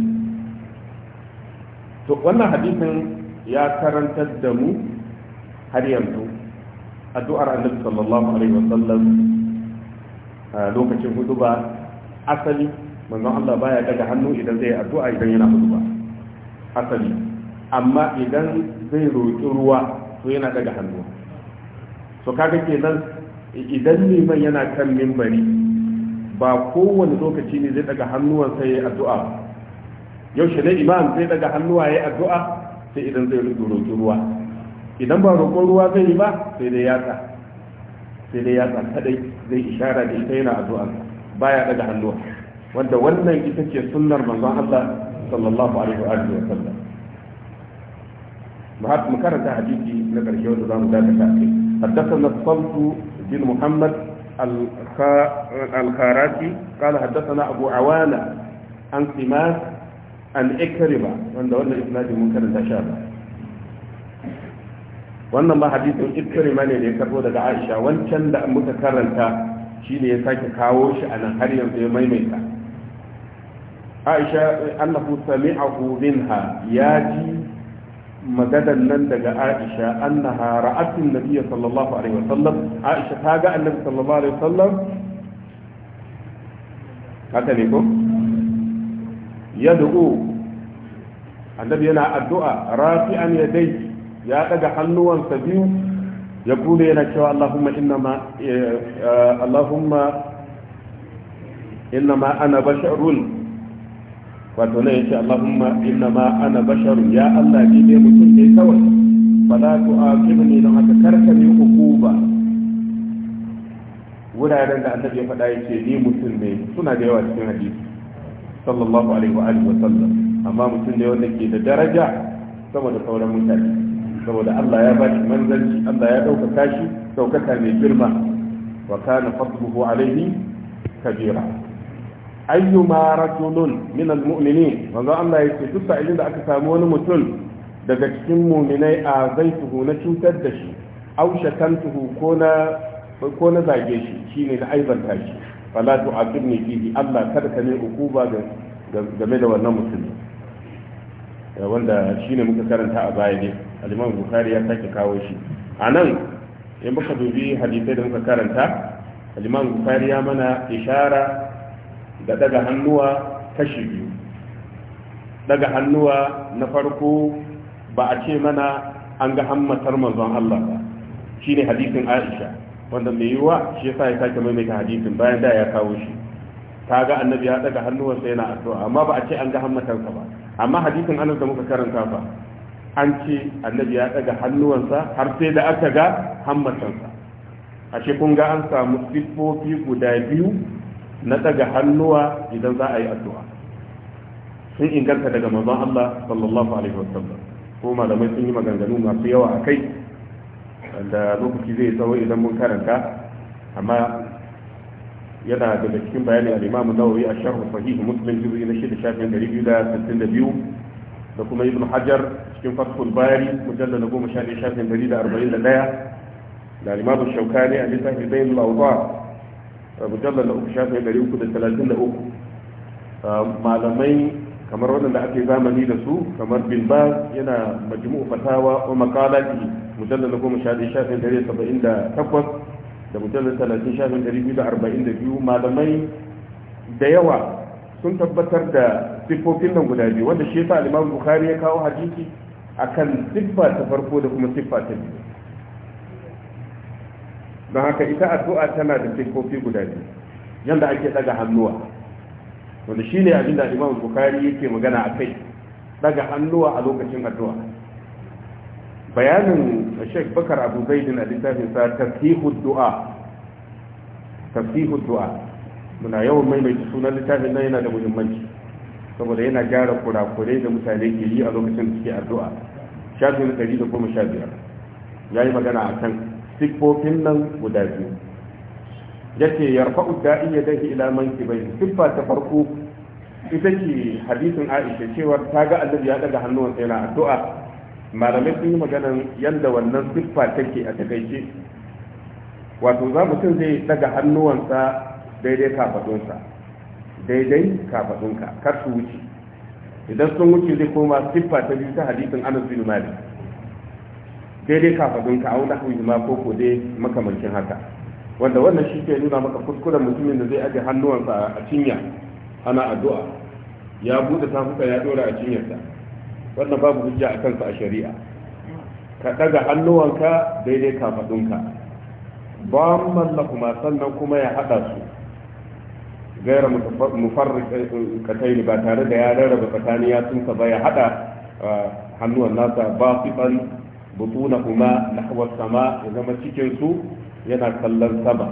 to wannan hadisin ya karantar da mu har yanzu addu'ar annabi sallallahu alaihi wasallam lokacin huduba asali manzon Allah baya daga hannu idan zai addu'a idan yana huduba. asali amma idan zai roƙi ruwa to yana daga hannu To kaga kenan idan neman yana kan mimbari ba kowane lokaci ne zai daga hannuwan ya addu'a yaushe ne imam zai daga hannuwa ya addu'a sai idan zai roƙi ruwa idan ba roƙon ruwa zai yi ba sai dai yatsa sai dai yatsa kadai zai ishara da ita yana addu'a baya daga hannuwa wanda wannan ita ce sunnar manzon Allah sallallahu alaihi wa alihi wa sallam mu karanta hadisi na karshe wanda zamu dakata kai حدثنا الصلت بن محمد الخاراتي قال حدثنا abu عوانة عن سماس al wanda wannan isnadin mun karanta sha ba wannan ba hadisin ikarima ne da ya karbo daga Aisha wancan da muka karanta shine ya sake kawo shi a nan har yanzu ya maimaita Aisha annahu sami'ahu minha ya ji magadan nan daga Aisha annaha ra'atun nabiya sallallahu alaihi wasallam Aisha ta ga annabi sallallahu alaihi wasallam haka ne ko yad'u annabi yana addu'a rafi'an yadayhi ya daga hannuwansa biyu ya kuma yana cewa Allahumma inna ma eh, eh, Allahumma inna ma ana basharun wato ne yace Allahumma inna ma ana basharun ya Allah ni ne mutum ne kawai fala tu'aqibni don haka karka ni hukuba wuraren da annabi ya faɗa yace ni mutum ne suna da yawa cikin hadisi sallallahu alaihi wa wa sallam amma mutum ne wanda ke da daraja sama da sauran mutane saboda Allah ya bashi manzanci Allah ya ɗaukaka shi ɗaukaka mai girma wa kana fadluhu alaihi kabira ayyuma rajulun min almu'minin manzo Allah yake duk sa'ilin da aka samu wani mutum daga cikin mu'minai a zaituhu na cutar da shi aw shatantuhu ko na ko na zage shi shine na aibanta shi fala tu'aqibni fihi Allah kada ka ne ukuba game da wannan musulmi wanda shine muka karanta a baya ne al-Imam Bukhari ya sake kawo shi anan in muka dubi hadisai da muka karanta al-Imam Bukhari ya mana ishara da daga hannuwa kashi biyu daga hannuwa na farko ba a ce mana an ga hammatar manzon Allah ba shine hadisin Aisha wanda mai yiwuwa shi yasa ya sake maimaita hadisin bayan da ya kawo shi Ta ga annabi ya daga hannuwansa yana addu'a amma ba a ce an ga hammatansa ba amma hadisin anan da muka karanta ba an ce annabi ya daga hannuwansa har sai da aka ga hammatansa ce kun ga an samu siffofi guda biyu na daga hannuwa idan za a yi addu'a sun inganta daga manzon Allah sallallahu alaihi wasallam ko malamai sun yi maganganu masu yawa a kai. wanda lokaci zai tsawo idan mun karanta amma yana daga cikin bayani al Nawawi a Sharh Sahih Muslim juz'i na 6 shafin 262 da kuma Ibn Hajar cikin Fathul Bari mujallal 11 shafin 141 da al-Imam Shawkani a littafin Bayn al-Awda mujallal 3 shafin 333 malamai kamar waɗanda ake zamani da su kamar bin baz yana majmu'u fatawa wa maqalati mujallal 10 shafin 178 da mujallal 30 shafin 242 malamai da yawa sun tabbatar da siffofin nan guda biyu wanda shi yasa al-Imam Bukhari ya kawo hadisi akan siffa ta farko da kuma siffa ta biyu don haka ita addu'a tana da siffofi guda biyu yanda ake daga hannuwa wanda shine abin da Imam bukari yake magana akai daga hannuwa a lokacin addu'a bayanin Sheikh Bakar Abu Zaid a littafin sa tafsihud du'a muna yawan maimaita sunan littafin nan yana da muhimmanci saboda yana gyara kurakurai da mutane ke yi a lokacin da suke addu'a shafin 115 ya yi magana a kan siffofin nan guda biyu yarfa yarfa'u da'i yadahi ila bai siffa ta farko ita ce hadisin Aisha cewa ta ga Annabi ya daga hannuwan sai na addu'a malamai sun yi maganan yadda wannan siffa take a takaice wato za mutum zai daga hannuwansa daidai kafadunsa daidai kafadunka kar su wuce idan sun wuce zai koma siffa ta biyu ta hadisin Anas bin Malik daidai kafadunka a wani hujjima ko ko dai makamancin haka wanda wannan shi ke nuna maka kuskuren mutumin da zai aje hannuwansa a cinya ana addu'a ya bude tafuka ya dora a cinyarsa wannan babu hujja a kansa a shari'a ka daga hannuwanka daidai kafadunka ba kuma sannan kuma ya hada su gaira mufarrikatai ba tare da ya rarraba tsakanin yatsunsa ba ya hada hannuwan nasa ba su tsan na kuma nahwa sama ya zama cikin su yana kallon sama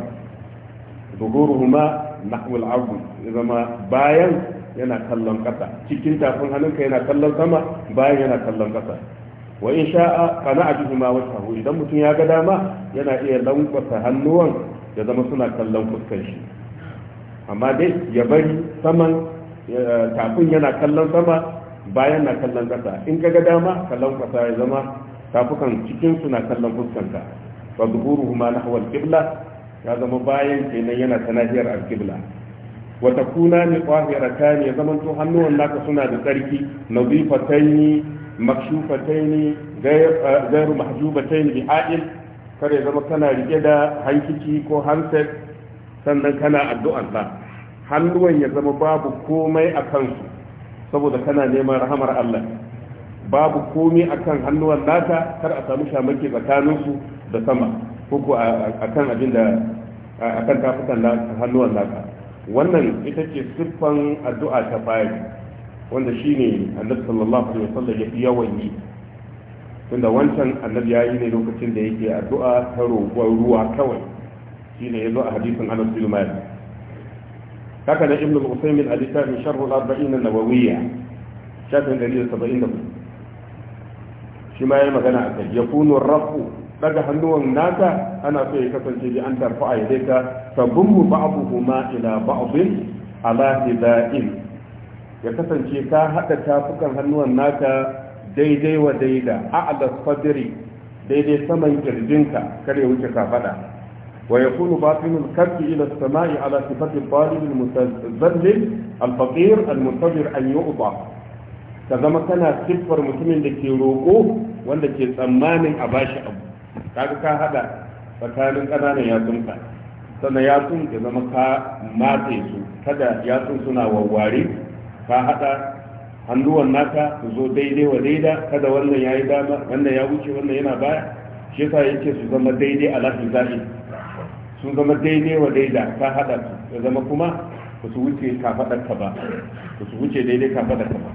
zuhuruhuma nahwul ardi ya zama bayan yana kallon kasa cikin tafin hannunka yana kallon sama bayan yana kallon kasa wa in sha'a qana'a wa tahu idan mutum ya ga dama yana iya lankwasa hannuwan ya zama suna kallon fuskar shi amma dai ya bari saman tafin yana kallon sama bayan na kallon kasa in ka ga dama kallon kasa ya zama tafukan cikin suna kallon fuskanka fa zuhuruhu ma nahwa al-qibla ya zama bayan kenan yana ta nahiyar al-qibla wa takuna ni qahiratan ya zama to hannuwan naka suna da tsarki nadifataini makshufataini gairu mahjubataini bi ha'il kar ya zama kana rike da hankici ko handset sannan kana addu'ar sa hannuwan ya zama babu komai a kansu saboda kana neman rahamar Allah babu komai akan hannuwan naka kar a samu shamaki tsakaninsu da sama ko ko akan abin da akan tafukan hannuwan naka wannan ita ce siffan addu'a ta fari wanda shine annabi sallallahu alaihi wasallam ya fi yawan yi tunda wancan annabi ya yi ne lokacin da yake addu'a ta roƙon ruwa kawai shine ya zo a hadisin anas bin malik haka da ibnu al-usaymin al-kitabin sharh al-arba'in an-nawawiyya shafin 174 shi ma ya magana akai yakunu rafu daga hannuwan nata ana so ya kasance da an tarfa a yadda ta sabunmu ba'abuhuma ila ba'abin ala ya kasance ka haɗa tafukan hannuwan naka daidai wa daida a'la sadri daidai saman kirjinka kare wuce ka faɗa wa yakunu batinul kaffi ila samai ala sifati talib al mutazazzil al faqir al muntabir ka zama kana siffar mutumin da ke roƙo wanda ke tsammanin a bashi abu kaga ka hada tsakanin ƙananan yatsunka sannan yatsun ya zama ka matse su kada yatsun suna wawware ka hada hannuwan naka su zo daidai wa daida kada wannan ya yi dama wannan ya wuce wannan yana baya shi yasa yake su zama daidai a lafi zaɓi sun zama daidai wa daida ka haɗa ya zama kuma ba su wuce kafaɗarka ba ba su wuce daidai kafaɗarka ba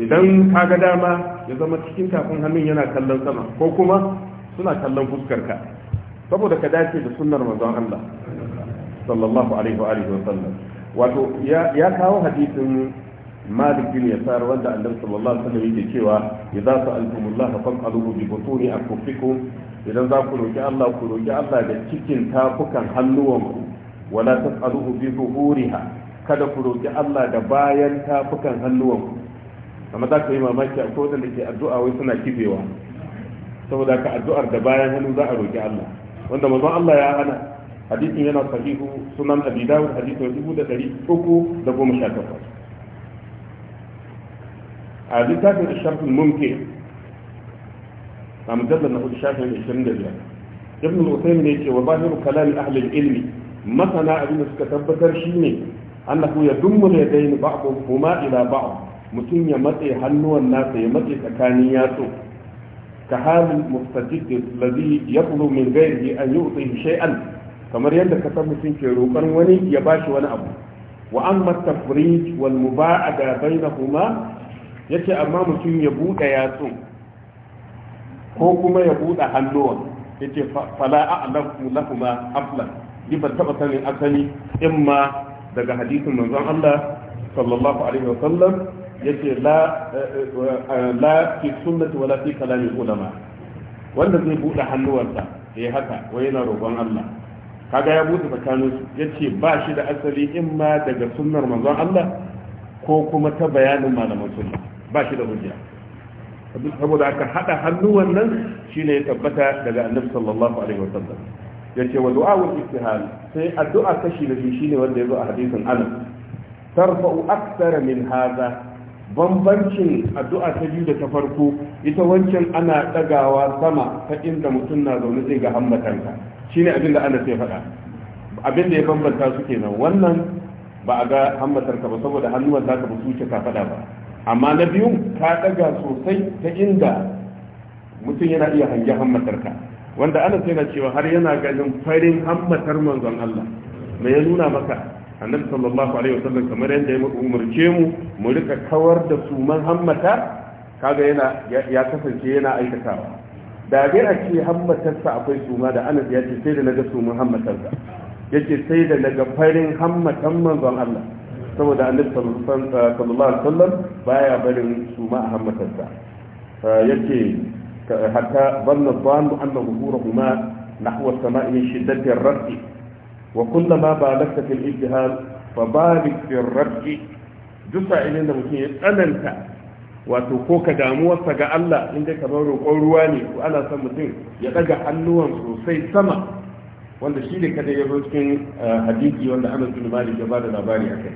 idan ka ga dama ya zama cikin kafin hannun yana kallon sama ko kuma suna kallon fuskarka saboda ka dace da sunnar manzon Allah sallallahu alaihi wa alihi wa sallam wato ya kawo hadisin malik bin yasar wanda annabi sallallahu alaihi wasallam yake cewa idza sa'altumullah fas'aluhu bi butuni akufikum idan za ku roki Allah ku roki Allah da cikin tafukan hannuwanku wala tas'aluhu bi zuhuriha kada ku roki Allah da bayan tafukan hannuwanku amma za ka yi mamaki a akwai da ke addu'a wai suna kifewa saboda ka addu'ar da bayan hannu za a roki Allah wanda manzon Allah ya hana hadisin yana sahihu sunan abi dawud hadisin 3318 a littafin shafin mumkin a mujallar na hudu shafin 25 ibn al-usaim ne ce wa zahiru kalam ahli ilmi masana abin da suka tabbatar shine annahu yadummu yadayni ba'dhum huma ila ba'd mutum ya matse hannuwan nasa ya matse tsakanin yatsu كحال المستجد الذي يطلب من غيره أن يعطيه شيئا كما يندى كتب سنك روكا وني يباش ولا أبو وأما التفريج والمباعدة بينهما yace amma mutum ya buɗe yatsu ko kuma ya buɗe hannuwan yace fala a'lamu lahuma aflan ni ban taɓa sanin asali imma daga hadisin manzon Allah sallallahu alaihi yace la eh, eh, eh, la fi sunnati wala fi kalamin ulama wanda zai bude hannuwansa ya haka wai yana roƙon Allah kaga ya bude tsakanin su yace ba shi da asali in ma daga sunnar manzon Allah ko kuma ta bayanin malaman sunna ba shi da hujja saboda aka hada hannuwan nan shine ya tabbata daga annabi sallallahu alaihi wasallam yace wa du'a'ul istihal sai addu'a kashi da shi shine wanda yazo a hadisin Anas tarfa'u akthara min hadha bambancin addu'a ta biyu da ta farko ita wancan ana ɗagawa sama ta inda mutum na zaune zai ga hammatanka shine abin da ana sai faɗa abin da ya bambanta su kenan wannan ba a ga hammatarka ba saboda hannuwan ka ba su ka faɗa ba amma na biyun ka ɗaga sosai ta inda mutum yana iya hangen hammatarka wanda ana sai na cewa har yana ganin farin hammatar manzon Allah me ya nuna maka annabi sallallahu alaihi wasallam kamar yadda ya umarce mu mu rika kawar da su man hammata kaga yana ya kasance yana aikatawa da dai a ce hammatarsa akwai suma da anas ya ce sai da naga suman hammatarsa ya ce sai da naga farin hammatan manzon Allah saboda annabi sallallahu alaihi wasallam baya barin suma a hammatarsa yace hatta banna dhannu annahu hurahuma nahwa as-sama'i min shiddati ar-rasi وكلما بالغت في الاجتهاد فبالغ في الرد duk idan da mutum ya tsananta wato ko ka damuwarsa ga Allah inda ka bar roƙon ruwa ne ko ana son mutum ya ɗaga hannuwan sosai sama wanda shi ne kada ya zo cikin eh, wanda Anas bin Malik ya bada labari a kai.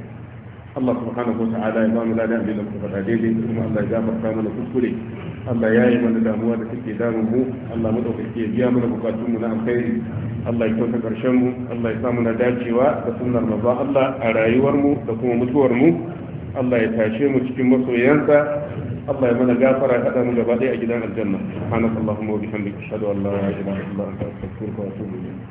Allah subhanahu wa ya bamu ladan abin da muka faɗa daidai kuma Allah ya gafarta mana kuskure Allah ya yi mana damuwa da take damun mu Allah madaukaki ya biya mana bukatun mu na alkhairi Allah ya kyauta karshen mu Allah ya samu na dacewa da sunnar manzo Allah a rayuwar mu da kuma mutuwar mu Allah ya tashe mu cikin masoyansa Allah ya mana gafara kada mu gaba ɗaya a gidan aljanna subhanakallahumma wa bihamdika ashhadu an la ilaha illa anta astaghfiruka wa atubu ilayk